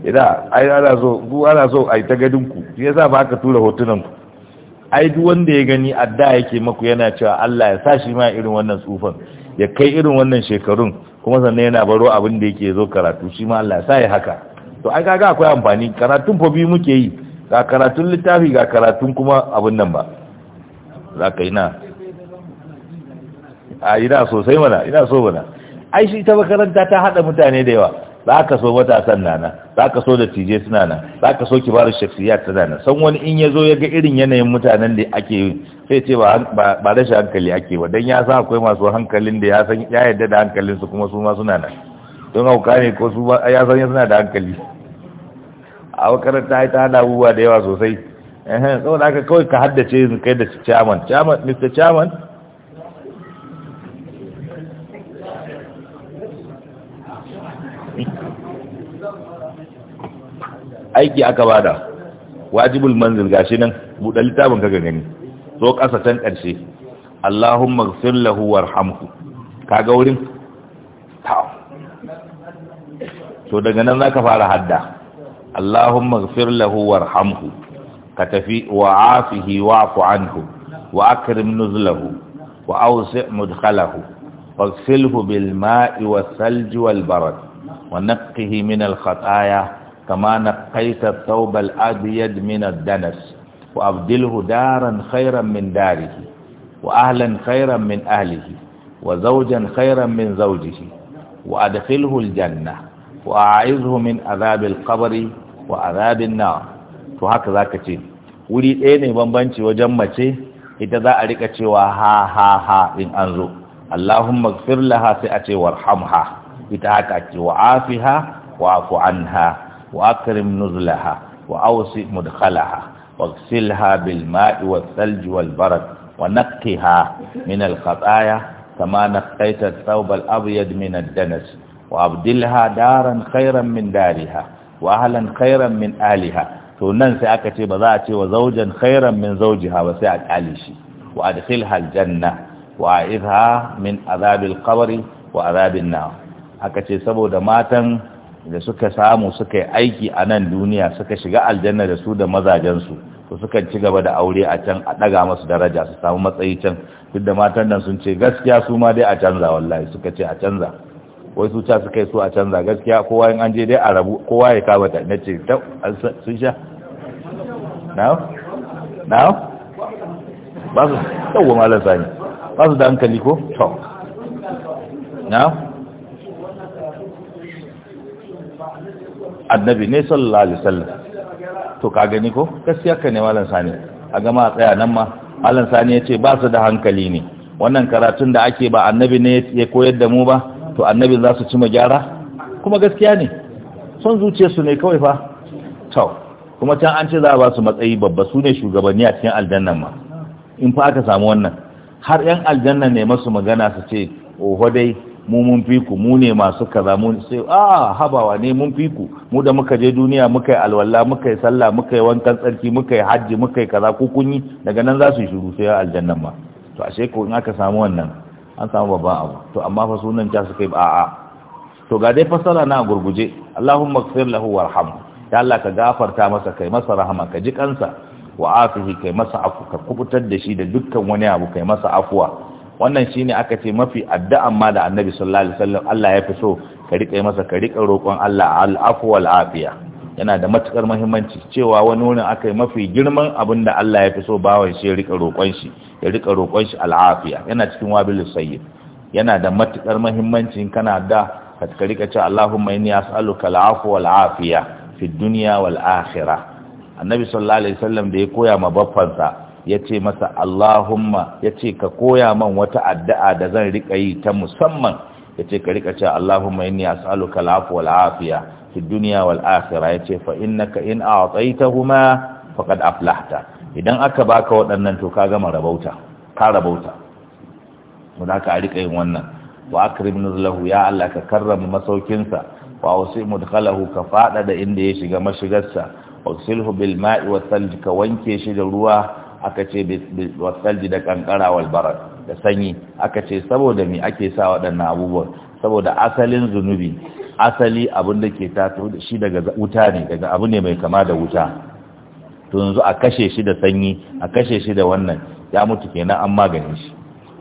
ina ai ana so ku ana so a yi ta ganin ku shi yasa ba aka tura hotunan ku ai duk wanda ya gani adda yake maku yana cewa Allah ya sa shi ma irin wannan tsufan ya kai irin wannan shekarun kuma sannan yana baro abin da yake zo karatu shi ma Allah ya sa ya haka to ai kaga akwai amfani karatun fa bi muke yi ga karatun littafi ga karatun kuma abin nan ba za ka ina a ina sosai mana ina so mana ai shi ta makaranta ta hada mutane da yawa za ka so matasan na nan za ka so da tije suna nan za ka so kibarar shafiya tana nan san wani in ya zo ya ga irin yanayin mutanen da ake yi sai ce ba rashin hankali ake ba don ya san akwai masu hankalin da ya san ya hankalin da kuma su ma suna nan don hauka ne ko su ya san suna da hankali a makaranta yi ta hada abubuwa da yawa sosai saboda haka kawai ka haddace yanzu kai da chairman chairman mr chairman aiki aka bada wajibul manzil gashi nan buɗe littafin ka gani so ƙasa can ƙarshe Allahumma ghfir lahu warhamhu kaga wurin ta to daga nan zaka fara hadda Allahumma ghfir lahu warhamhu ka tafi wa afihi wa wa'fu anhu wa akrim nuzlahu wa awsi mudkhalahu واغسله بالماء Wa والبرد min من الخطايا kama naqaita thawb al-abyad danas wa abdilhu daran khayran min darihi wa ahlan khayran min ahlihi wa zawjan khayran min zawjihi wa adkhilhu janna wa a'izhu min adhab al wa adhab an to haka zaka ce wuri ɗaya ne bambanci wajen mace ita za a rika cewa ha ha ha in an zo Allahumma ighfir laha sai a ce warhamha ita haka ce wa afiha wa afu anha وأكرم نزلها وأوصي مدخلها واغسلها بالماء والثلج والبرد ونقها من الخطايا كما نقيت الثوب الأبيض من الدنس وأبدلها دارا خيرا من دارها وأهلا خيرا من أهلها تننسى أكتب ذاتي وزوجا خيرا من زوجها وسعد أليشي وأدخلها الجنة وأعذها من عذاب القبر وعذاب النار أكتب سبو دماتا da suka samu suka yi aiki a nan duniya suka shiga aljanna da su da mazajensu to suka ci gaba da aure a can a ɗaga masu daraja su samu matsayi can duk da matan nan sun ce gaskiya su ma dai a canza wallahi suka ce a canza wai su ca suka yi su a canza gaskiya kowa in an je dai a rabu kowa ya kama ta na ce ta sun sha na? na? ba su yawon malar sani ba su da hankali ko? to na? annabi ne sallallahu alaihi wasallam to ka gani ko gaskiya ka ne malam sani a gama a tsaya nan ma malam sani ya ce ba su da hankali ne wannan karatun da ake ba annabi ne ya koyar da mu ba to annabi za su ci ma gyara kuma gaskiya ne son zuciyarsu ne kawai fa to kuma can an ce za a ba su matsayi babba su ne shugabanni a cikin aljannan ma in fa aka samu wannan har yan aljannan ne masu magana su ce oho dai mu mun fi ku mu ne masu kaza mu sai a ah, habawa ne mun fi ku mu da muka je duniya muka yi alwala muka yi sallah muka yi wankan tsarki muka yi hajji muka yi kaza ko kun daga nan za su shiru sai aljannan ma to ashe ko in aka samu wannan an samu babban abu to amma fa sunan ta suka yi a'a to ga dai fasala na gurguje Allahumma ighfir lahu warham ya Allah ka gafarta masa kai masa rahama ka ji kansa wa afihi kai masa afu ka kubutar da shi da dukkan wani abu kai masa afuwa wannan shine aka ce mafi addu'an ma da annabi sallallahu alaihi wasallam Allah ya fi so ka rika masa ka rika roƙon Allah al'afu wal afiya yana da matukar muhimmanci cewa wani wurin aka yi mafi girman abin da Allah ya fi so bawan shi ya rika roƙon shi ya rika roƙon shi al'afiya yana cikin wabilus sayyid yana da matukar muhimmanci kana da ka rika cewa Allahumma inni as'aluka al'afu wal afiya fi dunya wal akhirah annabi sallallahu alaihi wasallam da ya koya ma sa. ya ce masa Allahumma ya ce ka koya man wata addu'a da zan rika yi ta musamman ya ce ka rika ce Allahumma inni as'aluka al'afu wal afiya fi dunya wal akhirah ya ce fa innaka in a'taytahuma faqad aflahta idan aka baka waɗannan to ka gama rabauta ka rabauta yin wannan wa akrim nuzlahu ya Allah ka karrama masaukinsa wa wasi mudkhalahu ka fada da inda ya shiga mashigarsa wa silhu bil ma'i wa ka wanke shi da ruwa aka ce wasalji da kankara walbarar da sanyi aka ce saboda me ake sa waɗannan abubuwan saboda asalin zunubi asali abin da ke tato da shi daga wuta ne daga abu ne mai kama da wuta to yanzu a kashe shi da sanyi a kashe shi da wannan ya mutu kenan an magani shi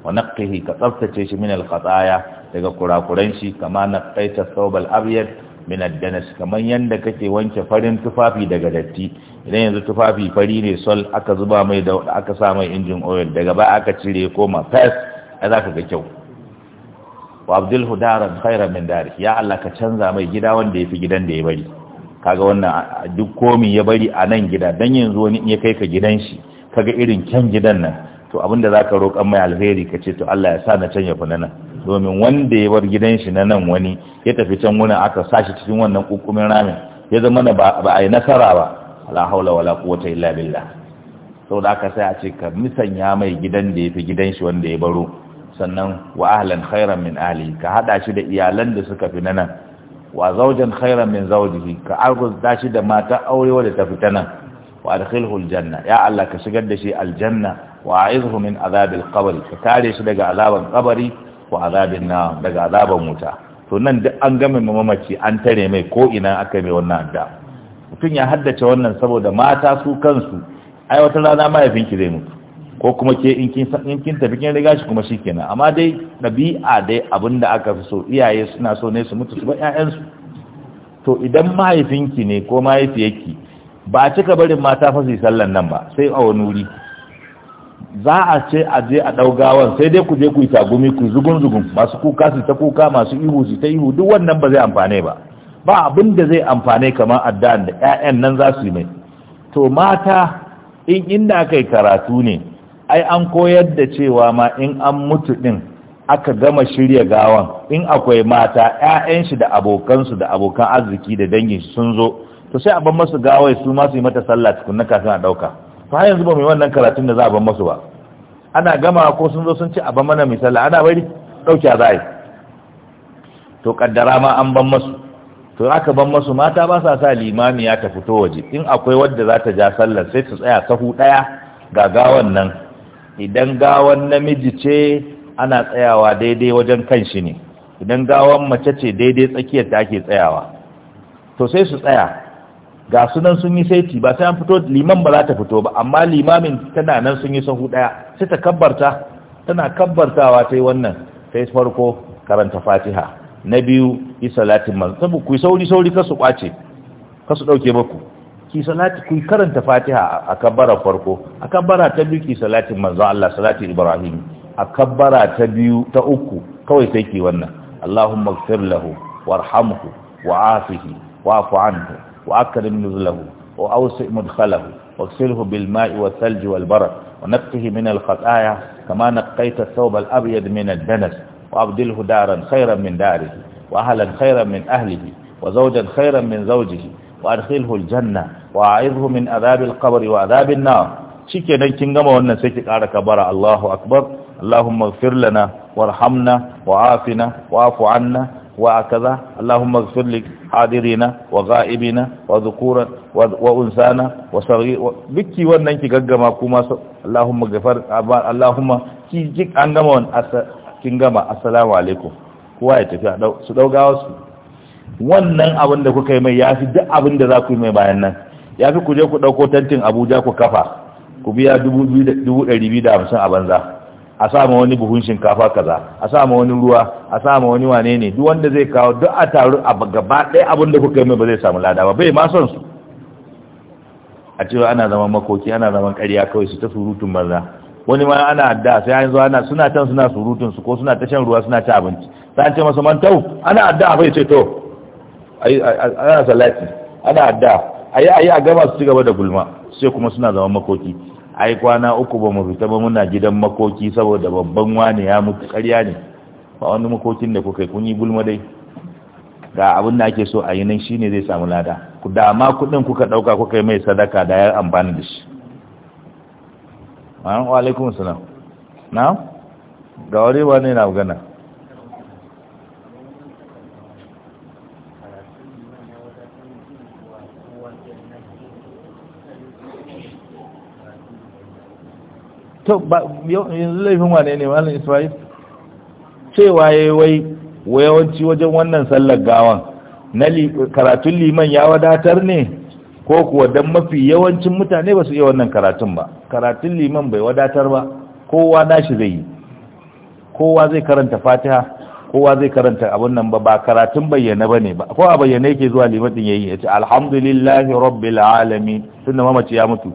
wa naqqihi ka tsaftace shi min al-khataya daga kurakuran shi kama naqqaita thawbal abyad min ad-danas kaman yanda kake wanke farin tufafi daga datti idan yanzu tufafi fari ne sol aka zuba mai da aka sa mai injin oil daga ba aka cire koma fast a zaka ga kyau wa abdul hudaran khairan min dari ya Allah ka canza mai gida wanda yafi gidan da ya bari kaga wannan duk komi ya bari a nan gida dan yanzu wani ya kai ka gidan shi kaga irin kyan gidan nan to abinda zaka roƙan mai alheri kace to Allah ya sa na canja nan. domin wanda ya bar gidan shi na nan wani ya tafi can wurin aka sashi cikin wannan kukumin ramin ya zama na ba a yi nasara ba al'a haula wala quwwata illa billah sau da aka sai a ce ka misanya mai gidan da ya fi gidan shi wanda ya baro sannan wa ahlan khairan min ahli ka hada shi da iyalan da suka fi nan wa zawjan khairan min zawjihi ka arzuta shi da mata aure da ta fi nan wa adkhilhu aljanna ya Allah ka shigar da shi aljanna wa a'izhu min azabil qabr ka kare shi daga azaban qabari wa azabin na daga azaban wuta to nan duk an mai mamaci an tare mai ko ina aka mai wannan adda mutum ya haddace wannan saboda mata su kansu ai wata rana mahaifinki zai mutu ko kuma ke in kin in kin tafi kin riga shi kuma shikenan amma dai dabi'a dai abinda aka fi so iyaye suna so ne su mutu su ba su to idan mahaifinki ne ko mahaifiyarki ba a cika barin mata fa su sallan nan ba sai a wani wuri za a ce a je a ɗaugawan sai dai ku je ku yi tagumi ku zugun zugun masu kuka su ta kuka masu ihu su ta ihu duk wannan ba zai amfane ba ba abin da zai amfane kamar addan da ƴaƴan nan za su yi mai to mata in inda kai karatu ne ai an koyar da cewa ma in an mutu ɗin aka gama shirya gawan in akwai mata ƴaƴan shi da abokansu, da abokan arziki da dangin shi sun zo to sai a bar masu gawai su ma su yi mata sallah tukunna kafin a ɗauka ba har yanzu ba mai wannan karatun da za a ban masu ba ana gama ko sun zo sun ci a ban mana misali ana bari ɗauki a yi to kaddara ma an ban masu to aka ban masu mata ba sa sa limami ya ta fito waje in akwai wadda za ta ja sallar sai su tsaya sahu ɗaya ga gawan nan idan gawan namiji ce ana tsayawa daidai wajen kan shi ne idan gawan mace ce daidai tsakiyar ta ake tsayawa to sai su tsaya ga sunan sun yi saiti ba sai an fito liman ba za ta fito ba amma limamin tana nan sun yi sahu daya sai ta kabbarta tana kabbartawa ta yi wannan sai farko karanta fatiha na biyu yi salatin man sabu ku sauri sauri kasu kwace kasu dauke baku ki salati ku karanta fatiha a kabbara farko a kabbara ta biyu ki salatin manzo Allah salati ibrahim a kabbara ta biyu ta uku kawai sai ki wannan allahumma ighfir lahu warhamhu wa'afihi wa'fu anhu وأكرم نزله وأوسع مدخله واغسله بالماء والثلج والبرد ونقه من الخطايا كما نقيت الثوب الأبيض من الدنس وأبدله دارا خيرا من داره وأهلا خيرا من أهله وزوجا خيرا من زوجه وأدخله الجنة وأعظه من أذاب القبر وأذاب النار شكي نجن وأن سيكي قارك برا الله أكبر اللهم اغفر لنا وارحمنا وعافنا وعفو عنا wa اللهم اغفر لك حاضرنا وغائبنا وذكورا وأنسانا وصغير بكي وننك غغما كما اللهم غفر اللهم كيجيك أنغما كنغما السلام عليكم kowa ya tafi su ɗaugawa su wannan abin da kuka yi mai ya fi duk da za ku yi mai bayan nan ya fi ku je ku ɗauko tantin abuja ku kafa ku biya dubu ɗari biyu da hamsin a banza a ma wani buhun shinkafa kaza a ma wani ruwa a ma wani wane ne duk wanda zai kawo duk a taru a gaba ɗaya abin da kuka yi mai ba zai samu lada ba bai ma son su a cewa ana zaman makoki ana zaman ƙarya kawai su ta surutun banza wani ma ana adda sai an zo ana suna can suna surutun su ko suna ta shan ruwa suna ci abinci sai an ce masa man tau ana adda bai ce to ana salati ana adda ayi ayi a gama su ci gaba da gulma sai kuma suna zaman makoki ai kwana uku ba mu fita ba muna gidan makoki saboda babban wani ya mutu karya ne ba wani makokin da kuka kun yi gulma dai ga abin da ake so a yi nan shine zai samu lada ku da ma kuɗin kuka ɗauka kuka yi mai sadaka da ya amfani da shi wa alaikum salam na ga wani ne na magana to yanzu laifin wane ne malam Ismail cewa ya wai wayawanci wajen wannan sallar gawan na karatun liman ya wadatar ne ko kuwa don mafi yawancin mutane ba su iya wannan karatun ba karatun liman bai wadatar ba kowa na shi zai yi kowa zai karanta fatiha kowa zai karanta abun nan ba ba karatun bayyana bane ba ko a bayyana yake zuwa limatin yayi ya ce alhamdulillahi rabbil alamin tunda mamaci ya mutu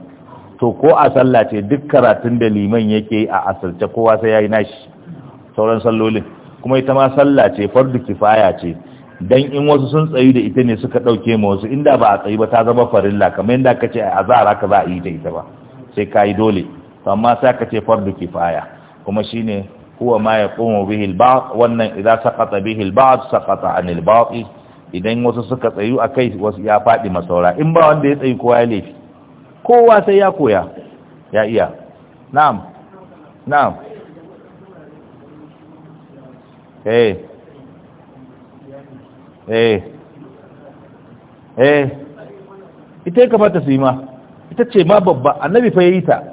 to ko a sallah ce duk karatun da liman yake a asirce kowa sai yayi nashi sauran sallolin kuma ita ma sallah ce fardu kifaya ce dan in wasu sun tsayu da ita ne suka dauke ma wasu inda ba a tsayi ba ta zama farilla kamar inda aka ce a zara ka za a yi da ita ba sai ka yi dole amma sai aka ce fardu kifaya kuma shine huwa ma yaqumu bihi al-ba'd wannan idan saqata bihi al-ba'd saqata al ba'i idan wasu suka tsayu akai wasu ya fadi masaura in ba wanda ya tsayi kowa ya laifi kowa sai ya koya ya iya na'am na'am eh eh eh ita su yi ma ita ce ma babba annabi fa yayi ta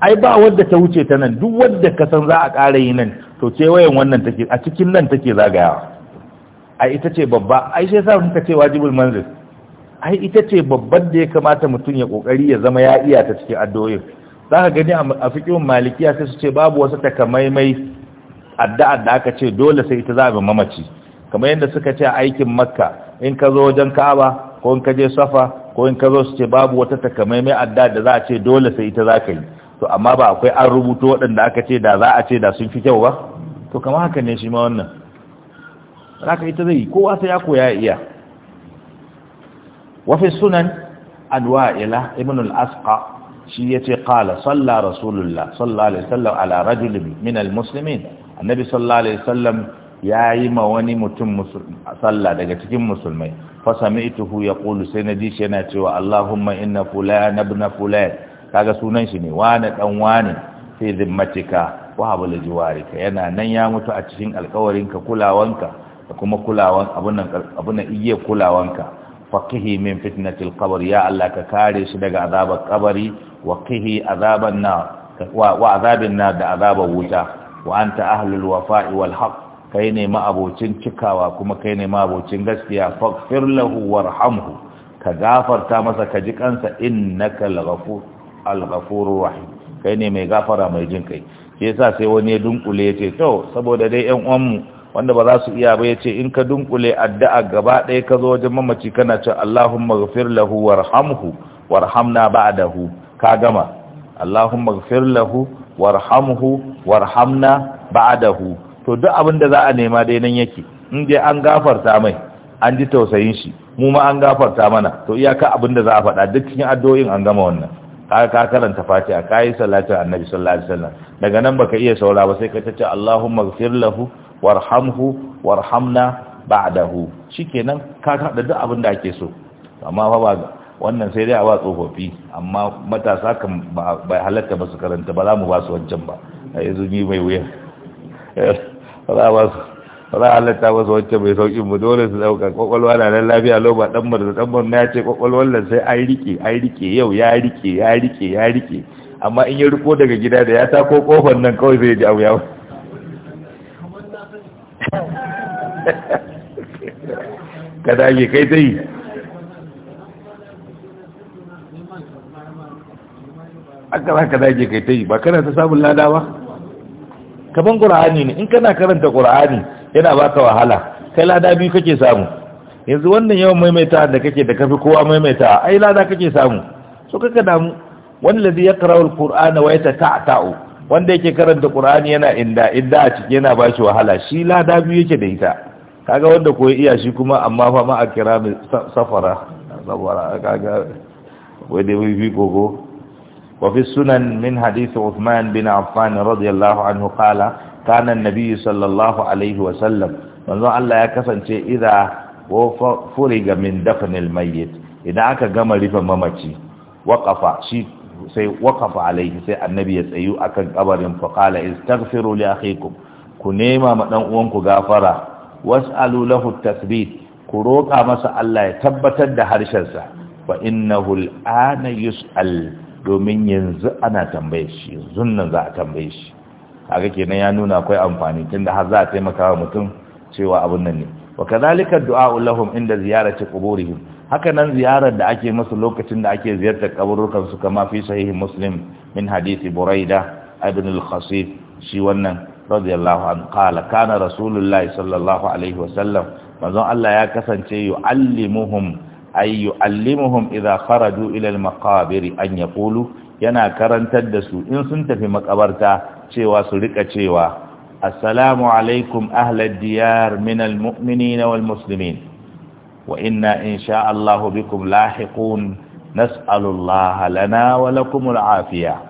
ai ba wadda ta wuce ta nan duk wadda ka san za a ƙara yi nan to ce wayan wannan take a cikin nan take zagayawa ai ita ce babba ai sai sa ka ce wajibul manzil ai ita ce babban da ya kamata mutum ya kokari ya zama ya iya ta cikin addu'o'in za ka gani a fikin malikiya sai su ce babu wasu takamaimai addu'a da aka ce dole sai ita za ga mamaci kamar yadda suka ce aikin makka in ka zo wajen ka'aba ko in ka je safa ko in ka zo su ce babu wata takamaimai adda da za a ce dole sai ita za ka yi to amma ba akwai an rubuto waɗanda aka ce da za a ce da sun fi kyau ba to kama haka ne shi ma wannan za ita zai yi kowa sai ya koya iya wafi sunan anwa'ila ibn al-asqa shi yace qala salla rasulullah sallallahu alaihi wasallam ala rajulin min al-muslimin annabi sallallahu alaihi wasallam yayi ma wani mutum sallah daga cikin musulmai fa sami'tuhu yaqulu sai naji shi yana cewa allahumma inna fulan ibn fulan kaga sunan shi ne wani dan wani fi zimmatika wa habla jiwarika yana nan ya mutu a cikin alƙawarinka kulawanka da kuma kulawan abun nan abun nan iye kulawanka faqihi min fitnatil qabr ya Allah ka kare shi daga azabar kabari wa qihi azaban nar wa azabin nar da azabar wuta wa anta ahlul wafa'i wal haqq kai ne ma'abocin cikawa kuma kai ne ma'abocin gaskiya faghfir lahu warhamhu ka gafarta masa ka ji kansa innaka al-ghafur al-ghafurur rahim kai ne mai gafara mai jin kai shi yasa sai wani ya dunkule ya ce to saboda dai ƴan uwan mu wanda ba za su iya ba yace in ka dunkule addu'a gaba ɗaya ka zo wajen mamaci kana cewa Allahumma ghfir lahu warhamhu warhamna ba'dahu ka gama Allahumma ghfir lahu warhamhu warhamna ba'dahu to duk abin da za a nema dai nan yake in dai an gafarta mai an ji tausayin shi mu ma an gafarta mana to iyaka abin da za a faɗa duk cikin addu'o'in an gama wannan kaka ka karanta fatiha ka yi annabi sallallahu alaihi wasallam daga nan baka iya saura ba sai ka tace Allahumma ghfir lahu warhamhu warhamna ba'dahu shikenan ka hada duk abin da ake so amma fa ba wannan sai dai a ba tsofaffi amma matasa kan ba halatta ba su karanta ba za mu ba su wancan ba a yanzu ni mai wuya ba za a halatta ba su wancan mai sauƙin mu dole su ɗauka kwakwalwa na nan lafiya lau ba ɗan da dan mu ya ce ƙwaƙwalwar nan sai an riƙe an riƙe yau ya riƙe ya riƙe ya riƙe amma in ya riko daga gida da ya tako kofar nan kawai zai ji abu ya ka dage kai ta yi aka za ka dage kai ta yi ba kana ta samun lada ba kaman ƙura'ani ne in kana karanta ƙura'ani yana ba ka wahala kai lada biyu kake samu yanzu wannan yawan maimaita da kake da kafi kowa maimaita ai lada kake samu so kaka damu wani ladi ya karawar ƙura'ani wa ya ta ta'o? wanda yake karanta qur'ani yana inda inda a ciki yana shi wahala shi lada biyu yake da ita kaga wanda koyi iya shi kuma amma fa ma a kira safara safara kaga wanda bai fi gogo وفي السنن من حديث عثمان بن عفان رضي anhu عنه قال كان النبي sallallahu alaihi wa sallam manzo Allah ya kasance idza furiga min dafnil mayyit idan aka gama rufe mamaci waqafa shi sai wakafa alaihi sai annabi ya tsayu akan kabarin fa qala istaghfiru li akhikum ku nema ma dan uwanku gafara was'alu lahu tasbit ku roƙa masa Allah ya tabbatar da harshen sa fa innahu al'ana yus'al domin yanzu ana tambaye shi yanzu nan za a tambaye shi kaga kenan ya nuna akwai amfani tunda har za a taimaka wa mutum cewa abun nan ne wa kadhalika du'a lahum inda ziyarati quburihim haka nan ziyarar da ake musu lokacin da ake ziyartar kaburukan su kama fi muslim min hadisi buraida ibn al-khasif shi wannan radiyallahu anhu qala kana rasulullahi sallallahu alaihi wasallam manzon Allah ya kasance yu'allimuhum ay yu'allimuhum idha kharaju ila al-maqabir an yaqulu yana karantar da su in sun tafi makabarta cewa su rika cewa assalamu alaikum ahlad diyar min al-mu'minina wal muslimin wa inna insha Allahu bikum lahiqun nas'alullaha lana wa lakumul afiya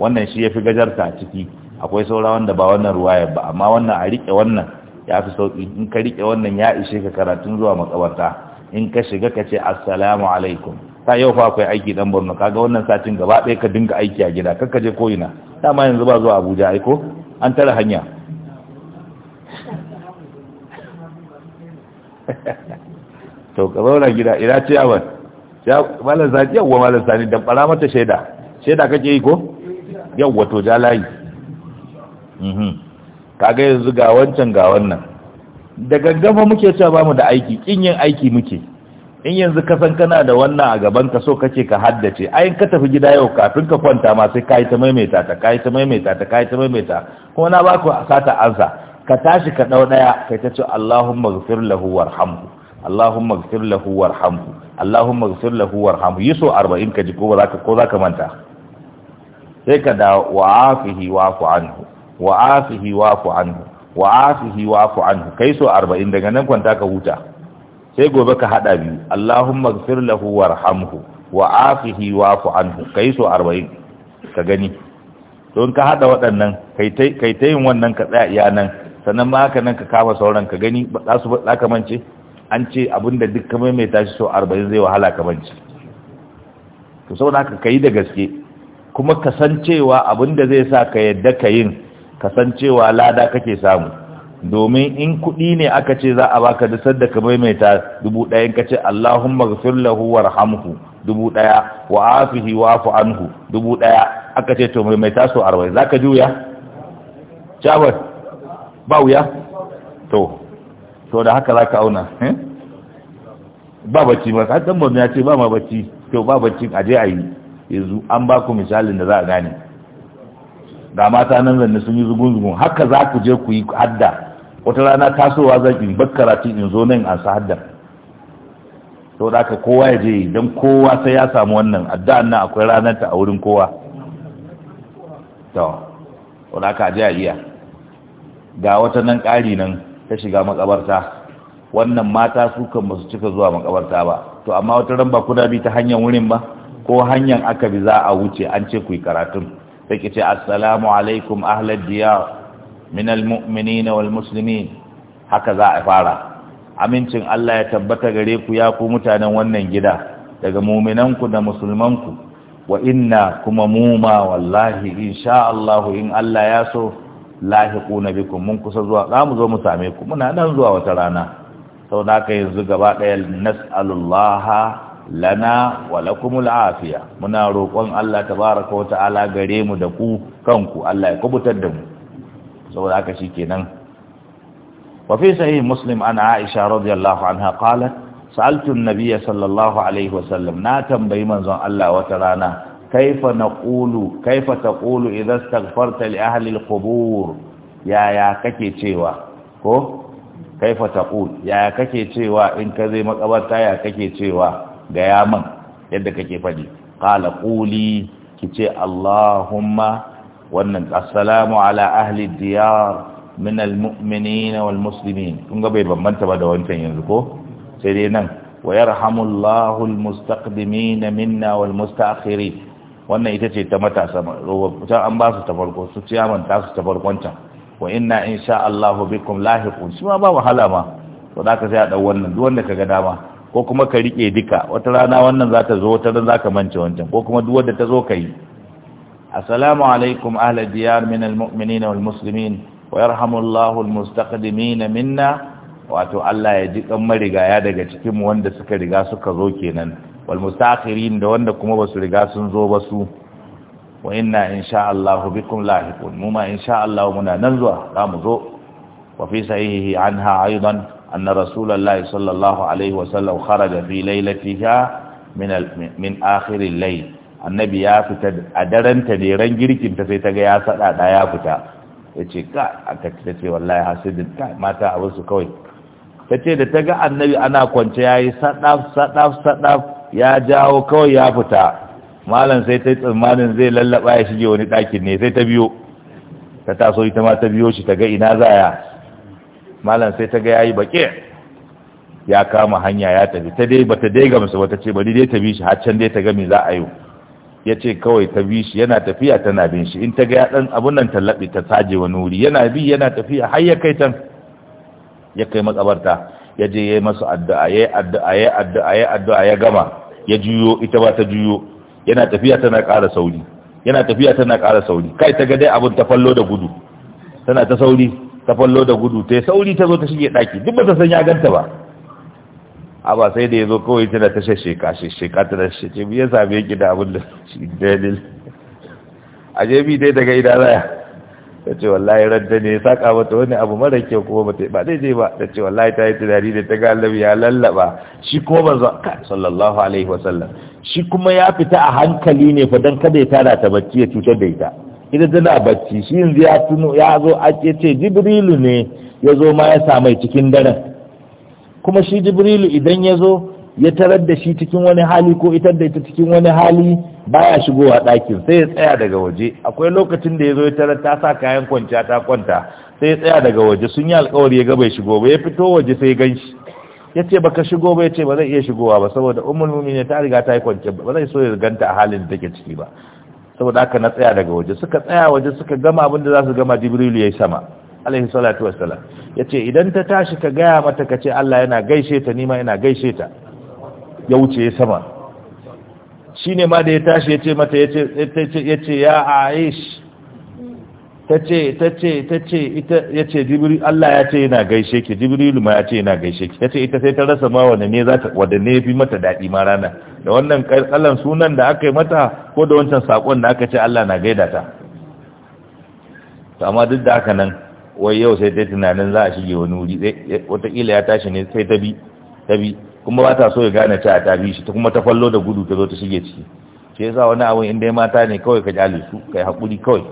wannan shi yafi gajarta ciki akwai saura wanda ba wannan ruwaya ba amma wannan a rike wannan ya fi sauki in ka rike wannan ya ishe ka karatun zuwa makabarta in ka shiga ka ce assalamu alaikum ta yau fa akwai aiki dan Borno kaga wannan satin gaba ɗaya ka dinga aiki a gida kakka je ko ta ma yanzu ba zuwa Abuja aiko an tara hanya to ka zauna gida ina ce yawan malar sani yawwa malar sani don fara mata shaida shaida kake yi ko yawwa to ja layi mhm. kaga yanzu ga wancan ga wannan da gaggama muke cewa bamu da aiki kin yin aiki muke in yanzu ka san kana da wannan a gaban ka so kake ka haddace ayin ka tafi gida yau kafin ka kwanta ma sai kayi ta maimaita ta kayi ta maimaita ta kayi ta maimaita kuma na baku sata ansa ka tashi ka dau daya kai ta ce Allahumma ghfir lahu warhamhu Allahumma gfir lahu warhamhu Allahumma gfir lahu warhamhu yaso 40 kaji ko zaka ko zaka manta sai ka da wa'afihi wa'fu anhu wa'afihi wa'fu anhu wa'afihi wa'fu anhu kai so 40 daga nan kwanta ka huta sai gobe ka hada biyu Allahumma gfir lahu warhamhu wa'afihi wa'fu anhu kai so 40 ka gani don ka hada waɗannan kai kai tayin wannan ka tsaya iya nan sannan ma haka nan ka kama sauran ka gani ba za su ba ka mance an ce abinda duk ka maimaita shi sau arba'in zai wahala ka banci to saboda haka ka yi da gaske kuma kasancewa abinda zai sa ka yadda ka yin kasancewa lada kake samu domin in kuɗi ne aka ce za a baka da sadda ka maimaita dubu daya ka ce Allahumma ghfir lahu warhamhu dubu ɗaya wa afihi wafu anhu dubu ɗaya aka ce to maimaita su arba'in zaka juya chabar ba wuya to to da haka za ka auna eh? ba bacci ba har dan ya ce ba ma bacci to ba bacci a je a yi yanzu an ba ku misalin da za a gane ga mata nan zanne sun yi zugun zugun haka za ku je ku yi hadda wata rana tasowa zan yi bar karatu in zo nan an sa hadda to da haka kowa ya je dan kowa sai ya samu wannan addu'an nan akwai ranar ta a wurin kowa to wala da haka a je a iya ga wata nan ƙari nan ta shiga makabarta wannan mata su kan ba su cika zuwa makabarta ba to amma wata ran ba kuna bi ta hanyar wurin ba ko hanyar aka bi za a wuce an ce ku yi karatun sai ki ce assalamu alaikum ahlad diyar min almu'minina wal muslimin haka za a fara amincin Allah ya tabbata gare ku ya ku mutanen wannan gida daga ku da musulman ku wa inna kuma muma wallahi insha Allah in Allah ya so na bikun mun kusa zuwa za mu zo mu same ku muna nan zuwa wata rana sau da aka yanzu gaba ɗaya nas'alullaha lana wa lakumul afiya muna roƙon Allah tabaraka wa ta'ala gare mu da ku kanku Allah ya kubutar da mu saboda haka shikenan wa fi sahih muslim an aisha radiyallahu anha qalat sa'altu an-nabiy sallallahu alaihi wa sallam na tambayi manzon Allah wata rana kaifa naqulu kaifa taqulu idza astaghfarta li ahli al ya ya kake cewa ko kaifa taqul ya kake cewa in ka zai makabarta ya kake cewa ga yaman yadda kake fadi qala quli kice allahumma wannan assalamu ala ahli diyar min al wal muslimin kun ga bai bambanta ba da wancan yanzu ko sai dai nan wa yarhamullahu al minna wal mustaakhirin wannan ita ce ta matasa ta an ba su ta farko su ciyaman ta su ta farkon can wa inna insha Allahu bikum lahiqun shi ma ba wahala ma to da ka sai a dau wannan duk wanda ka kaga dama ko kuma ka riƙe duka wata rana wannan za ta zo wata rana za ka mance wancan ko kuma duk wanda ta zo ka yi assalamu alaikum ahla diyar min almu'minin wal muslimin wa yarhamullahu almustaqdimin minna wato Allah ya ji kan marigaya daga cikin mu wanda suka riga suka zo kenan wal mustakhirin da wanda kuma basu riga sun zo ba su wa inna insha Allah bikum lahiqun mu ma insha Allah muna nan zuwa za mu zo wa fi sahihi anha aidan na rasulallah sallallahu alaihi wa sallam kharaja fi lailatiha min min akhir al annabi ya fita a daren ta ne ran girkin ta sai ta ga ya sada da ya fita Ya ce ka aka ta ce wallahi hasidin ka mata a wasu kawai ce da ta ga annabi ana kwance ya yi sadaf sadaf sadaf ya jawo kawai ya fita malam sai ta tsammanin zai lallaba ya shige wani ɗakin ne sai ta biyo ta taso ita ma ta biyo shi ta ga ina zaya malam sai ta ga yayi baƙe ya kama hanya ya tafi ta dai bata dai gamsu ba ta ce bari dai ta bi shi har can dai ta ga me za a yi ya ce kawai ta bi shi yana tafiya tana bin shi in ta ga ya ɗan abun nan ta ta saje wani wuri yana bi yana tafiya har ya kai can ya kai makabarta ya je ya yi masu addu'a ya yi addu'a ya yi addu'a ya addu'a ya gama ya juyo ita ba ta juyo yana tafiya tana ƙara sauri yana tafiya tana ƙara sauri kai ta ga dai abin ta fallo da gudu tana ta sauri ta fallo da gudu ta sauri ta zo ta shige ɗaki duk ba ta san ya ganta ba a ba sai da ya zo kawai tana ta sheka shasheka tana shasheka ya same ki da abin da shi dalil a bi dai daga zaya. ta ce wallahi radda ne ya saka mata wani abu mara kyau kuma ba ba daidai ba ta ce wallahi ta yi tunani da ta ga annabi ya lallaba shi ko ba za ka sallallahu alaihi wasallam shi kuma ya fita a hankali ne fa dan kada ya tara ta bacci ya cutar da ita ita tana bacci shi yanzu ya tuno ya zo a ce jibrilu ne ya zo ma ya mai cikin daren kuma shi jibrilu idan ya zo ya tarar da shi cikin wani hali ko itar da ita cikin wani hali baya shigowa ɗakin sai ya tsaya daga waje akwai lokacin da ya zo ya tarar ta sa kayan kwanciya ta kwanta sai ya tsaya daga waje sun yi alkawari ya ga bai shigo ba ya fito waje sai gan shi ya ce baka shigo ba ya ce ba zai iya shigowa ba saboda umar mumina ta riga ta yi kwanciya ba zai so ya ganta a halin da take ciki ba saboda haka na tsaya daga waje suka tsaya waje suka gama abin da za su gama jibrilu ya yi sama alaihi salatu wasalam ya ce idan ta tashi ka gaya mata ka ce allah yana gaishe ta nima yana gaishe ta ya wuce sama shine ma da ya tashi ya ce mata ya ce ya aish ta ce ta ce ta ce ita ya ce jibril Allah ya ce yana gaishe ki jibrilu ma ya ce yana gaishe ki ya ce ita sai ta rasa ma wanda ne za ta wanda ne fi mata daɗi ma rana da wannan kalan sunan da aka yi mata ko da wancan sakon da aka ce Allah na gaida ta to amma duk da haka nan wai yau sai ta tunanin za a shige wani wuri watakila ya tashi ne sai ta bi ta bi kuma ba ta so ya gane ta ta bi shi ta kuma ta fallo da gudu ta zo ta shige ciki shi yasa wani abu in dai mata ne kawai ka jale su kai hakuri kawai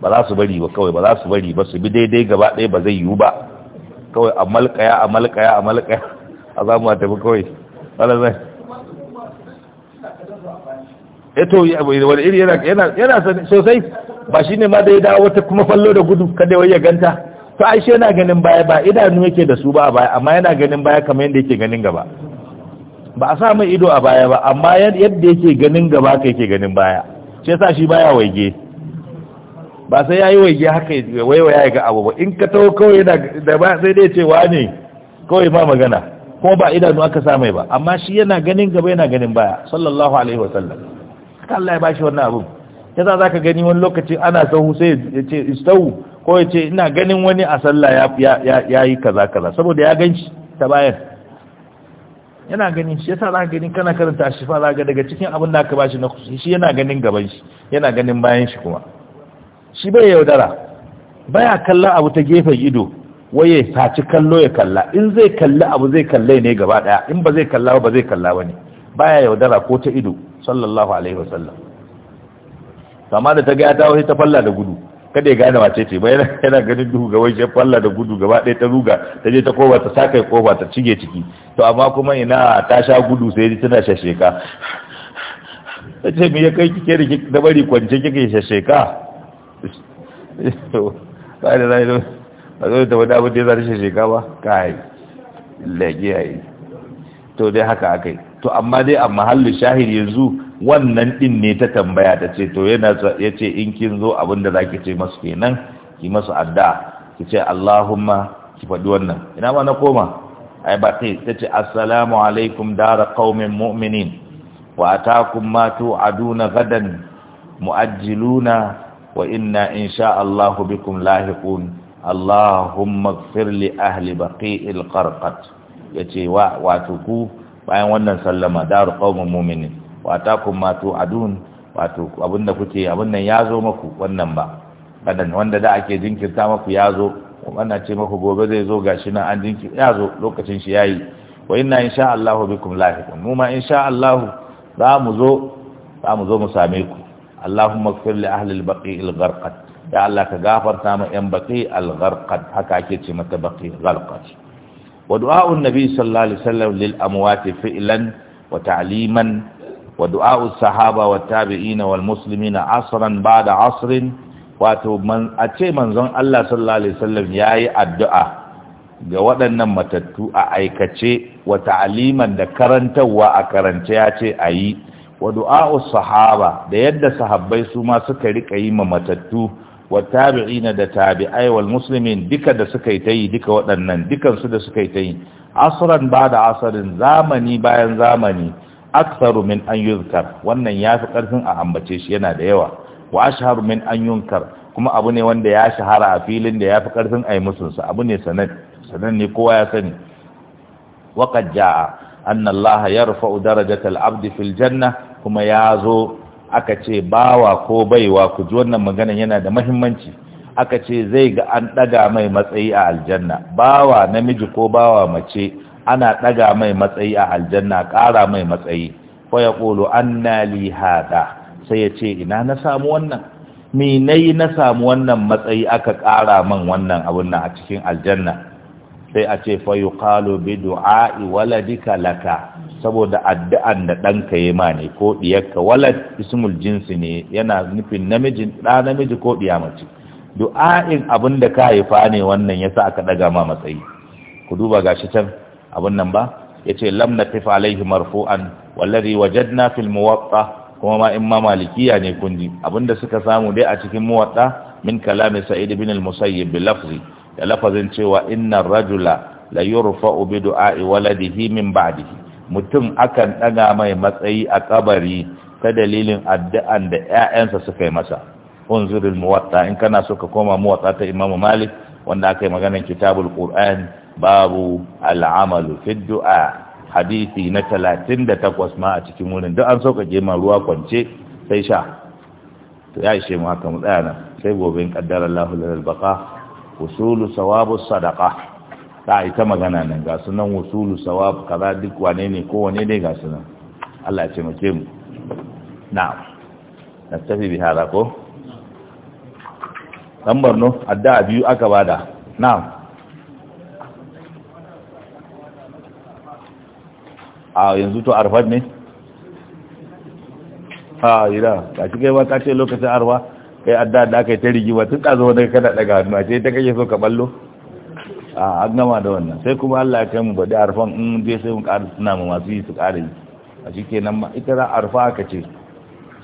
ba za su bari ba kawai ba za su bari ba su bi daidai gaba ɗaya ba zai yiwu ba kawai a malkaya a malkaya a malkaya a za mu a tafi kawai wala zai eto eh wani iri yana sosai ba shi ne ma da ya dawo ta kuma fallo da gudu kada ya ganta to shi yana ganin baya ba idanu yake da su ba a baya amma yana ganin baya kamar yadda yake ganin gaba ba a sa mai ido a baya ba amma yadda yake ganin gaba ka yake ganin baya shi yasa shi baya waige ba sai yayi waige haka waiwaya ga abu ba in ka tawo kawai yana da ba sai dai ce wani kawai ma magana ko ba idanu aka sa mai ba amma shi yana ganin gaba yana ganin baya sallallahu alaihi wasallam Allah ya bashi wannan abun yasa zaka gani wani lokaci ana sahu sai ya ce istawu ko ya ce ina ganin wani a sallah ya yi kaza kaza saboda ya ganci ta bayan yana ganin shi yasa za gani kana karanta shi fa za daga cikin abin da aka bashi na kusa shi yana ganin gaban shi yana ganin bayan shi kuma shi bai yaudara baya kalla abu ta gefen ido waye faci kallo ya kalla in zai kalli abu zai kalle ne gaba daya in ba zai kalla ba zai kalla bane baya yaudara ko ta ido sallallahu alaihi wasallam kama da ta ga ta wahi ta falla da gudu kada ya gane wace ce bai yana ganin duhu ga wajen Allah da gudu gaba ɗaya ta ruga ta je ta koba ta sa kai koba ta cige ciki to amma kuma ina ta sha gudu sai ji tana shasheka ta ce me ya kai kike da da bari kwance kike shasheka ba da zai a zo da wani abin da ya zai shasheka ba kai lagiya to dai haka akai to amma dai a mahallin shahid yanzu wannan din ne ta tambaya ta ce to yana ya in kin zo abin da zaki ce masu kenan ki masu adda. ki ce Allahumma ki faɗi wannan ina ma na koma ai ba sai ta ce assalamu alaikum dara qaumin mu'minin wa atakum ma tu'aduna gadan mu'ajjiluna wa inna insha Allah bikum lahiqun Allahumma ighfir li ahli baqi'il qarqat yace wa wato ku bayan wannan sallama daru qaumin mu'minin wa atakum ma tu'adun wato abinda kuke abin nan ya zo maku wannan ba badan wanda da ake jinkirta maku ya zo wannan ce maku gobe zai zo gashi nan an jinki ya zo lokacin shi yayi wa inna insha Allahu bikum lahiqun mu ma insha Allahu za mu zo za mu zo mu same ku Allahumma ighfir li ahli al-baqi al-gharqat ya Allah ka gafarta ma yan baqi al-gharqat haka ake ce mata baqi al-gharqat wa du'a'un nabi sallallahu alaihi wasallam lil amwati fi'lan wa ta'liman wa du'a'u sahaba wa tabi'ina wal muslimina asran ba'da asrin wato man a ce manzon Allah sallallahu alaihi wasallam yayi addu'a ga waɗannan matattu a aikace wa ta'liman da karantarwa a karance yace ce ayi wa du'a'u sahaba da yadda sahabbai su ma suka rika yi ma matattu wa tabi'ina da tabi'ai wal muslimin duka da suka yi ta yi duka waɗannan dukansu da suka yi ta yi asran ba da asarin zamani bayan zamani aksaru min an yuzkar wannan ya fi ƙarfin a ambace shi yana da yawa wa ashharu min an yunkar kuma abu ne wanda ya shahara a filin da ya fi ƙarfin a yi musunsa abu ne sanan ne kowa ya sani waqad jaa anna allaha yarfa'u darajatal abdi fil janna kuma ya zo aka ce bawa ko baiwa ku ji wannan maganan yana da mahimmanci aka ce zai ga an ɗaga mai matsayi a aljanna bawa namiji ko bawa mace ana ɗaga mai matsayi a aljanna ƙara mai matsayi ko ya ƙolo an na haɗa sai ya ce ina na samu wannan me na yi na samu wannan matsayi aka ƙara man wannan abun nan a cikin aljanna sai a ce fa yi ƙalo bi du'a'i waladika laka saboda addu'an da ɗanka ya ma ne ko ɗiyarka walad ismul jinsi ne yana nufin namiji ɗa namiji ko ɗiya mace du'a'in abin da ka haifa ne wannan ya sa aka ɗaga ma matsayi ku duba gashi can abin nan ba ya ce lam na tafi alaihi marfu'an wallari na fil muwatta kuma ma in ma malikiya ne kunji. abin da suka samu dai a cikin muwatta min kalamin sa'id bin al-musayyib bi lafzi da lafazin cewa inna rajula la yurfa'u bi du'a'i waladihi min ba'dihi mutum akan ɗaga mai matsayi a ƙabari ta dalilin addu'an da 'ya'yansa suka yi masa unzurul muwatta in kana so ka koma muwatta ta imamu malik wanda aka yi maganar kitabul qur'an babu al'amalu fi du'a hadisi na 38 ma a cikin wurin duk an je ma ruwa kwance sai sha to ya ishe mu haka mu tsaya nan sai gobe in qaddara Allahu lil baqa usulu sawabu sadaqah ka ita magana nan ga sunan wasulu sawab kaza duk wane ne ko wane ne ga sunan Allah ya taimake mu na'am tafi bi hada ko dan no adda biyu aka bada na'am a yanzu to arfad ne ha ira ka ci kai ba ka ce lokacin arwa kai adda da aka yi ta ba tun zo wani kada daga hannu a ce ta kake so ka ballo a an gama da wannan sai kuma Allah ya kai mu bada arfan in je sai mu ƙara suna mu masu yi su ƙara a shikenan ma ita ra arfa ka ce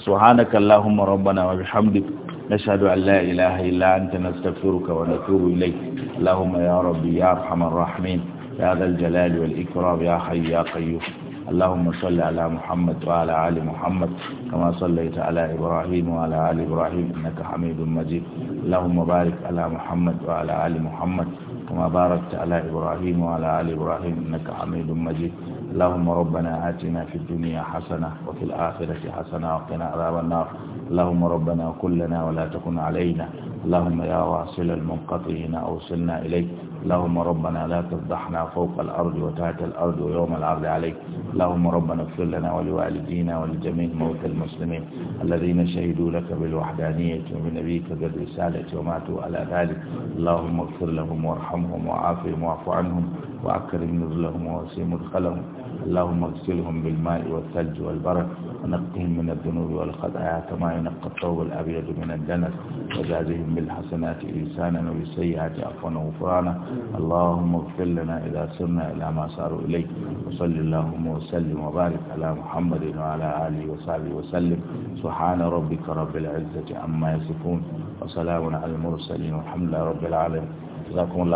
subhanaka allahumma rabbana wa bihamdik nashhadu an la ilaha illa anta nastaghfiruka wa natubu ilayk allahumma ya rabbi ya arhamar rahimin ya dhal jalali wal ikram ya hayy ya qayyum اللهم صل على محمد وعلى آل محمد كما صليت على إبراهيم وعلى آل إبراهيم إنك حميد مجيد اللهم بارك على محمد وعلى آل محمد كما باركت على إبراهيم وعلى آل إبراهيم إنك حميد مجيد اللهم ربنا آتنا في الدنيا حسنة وفي الآخرة حسنة وقنا عذاب النار اللهم ربنا كلنا ولا تكن علينا اللهم يا واصل المنقطعين أوصلنا إليك اللهم ربنا لا تفضحنا فوق الأرض وتحت الأرض ويوم العرض عليك اللهم ربنا اغفر لنا ولوالدينا ولجميع موتى المسلمين الذين شهدوا لك بالوحدانية وبنبيك بالرسالة وماتوا على ذلك اللهم اغفر لهم وارحمهم وعافهم واعف عنهم وأكرم نزلهم ووسيم مدخلهم اللهم اغسلهم بالماء والثلج والبرد ونقهم من الذنوب والخطايا كما ينقى الثوب الأبيض من الدنس وجازهم بالحسنات إنسانا وبالسيئات عفوا وغفرانا اللهم اغفر لنا إذا سرنا إلى ما ساروا إليه وصل اللهم وسلم وبارك على محمد وعلى آله وصحبه وسلم سبحان ربك رب العزة عما يصفون وسلام على المرسلين والحمد لله رب العالمين جزاكم الله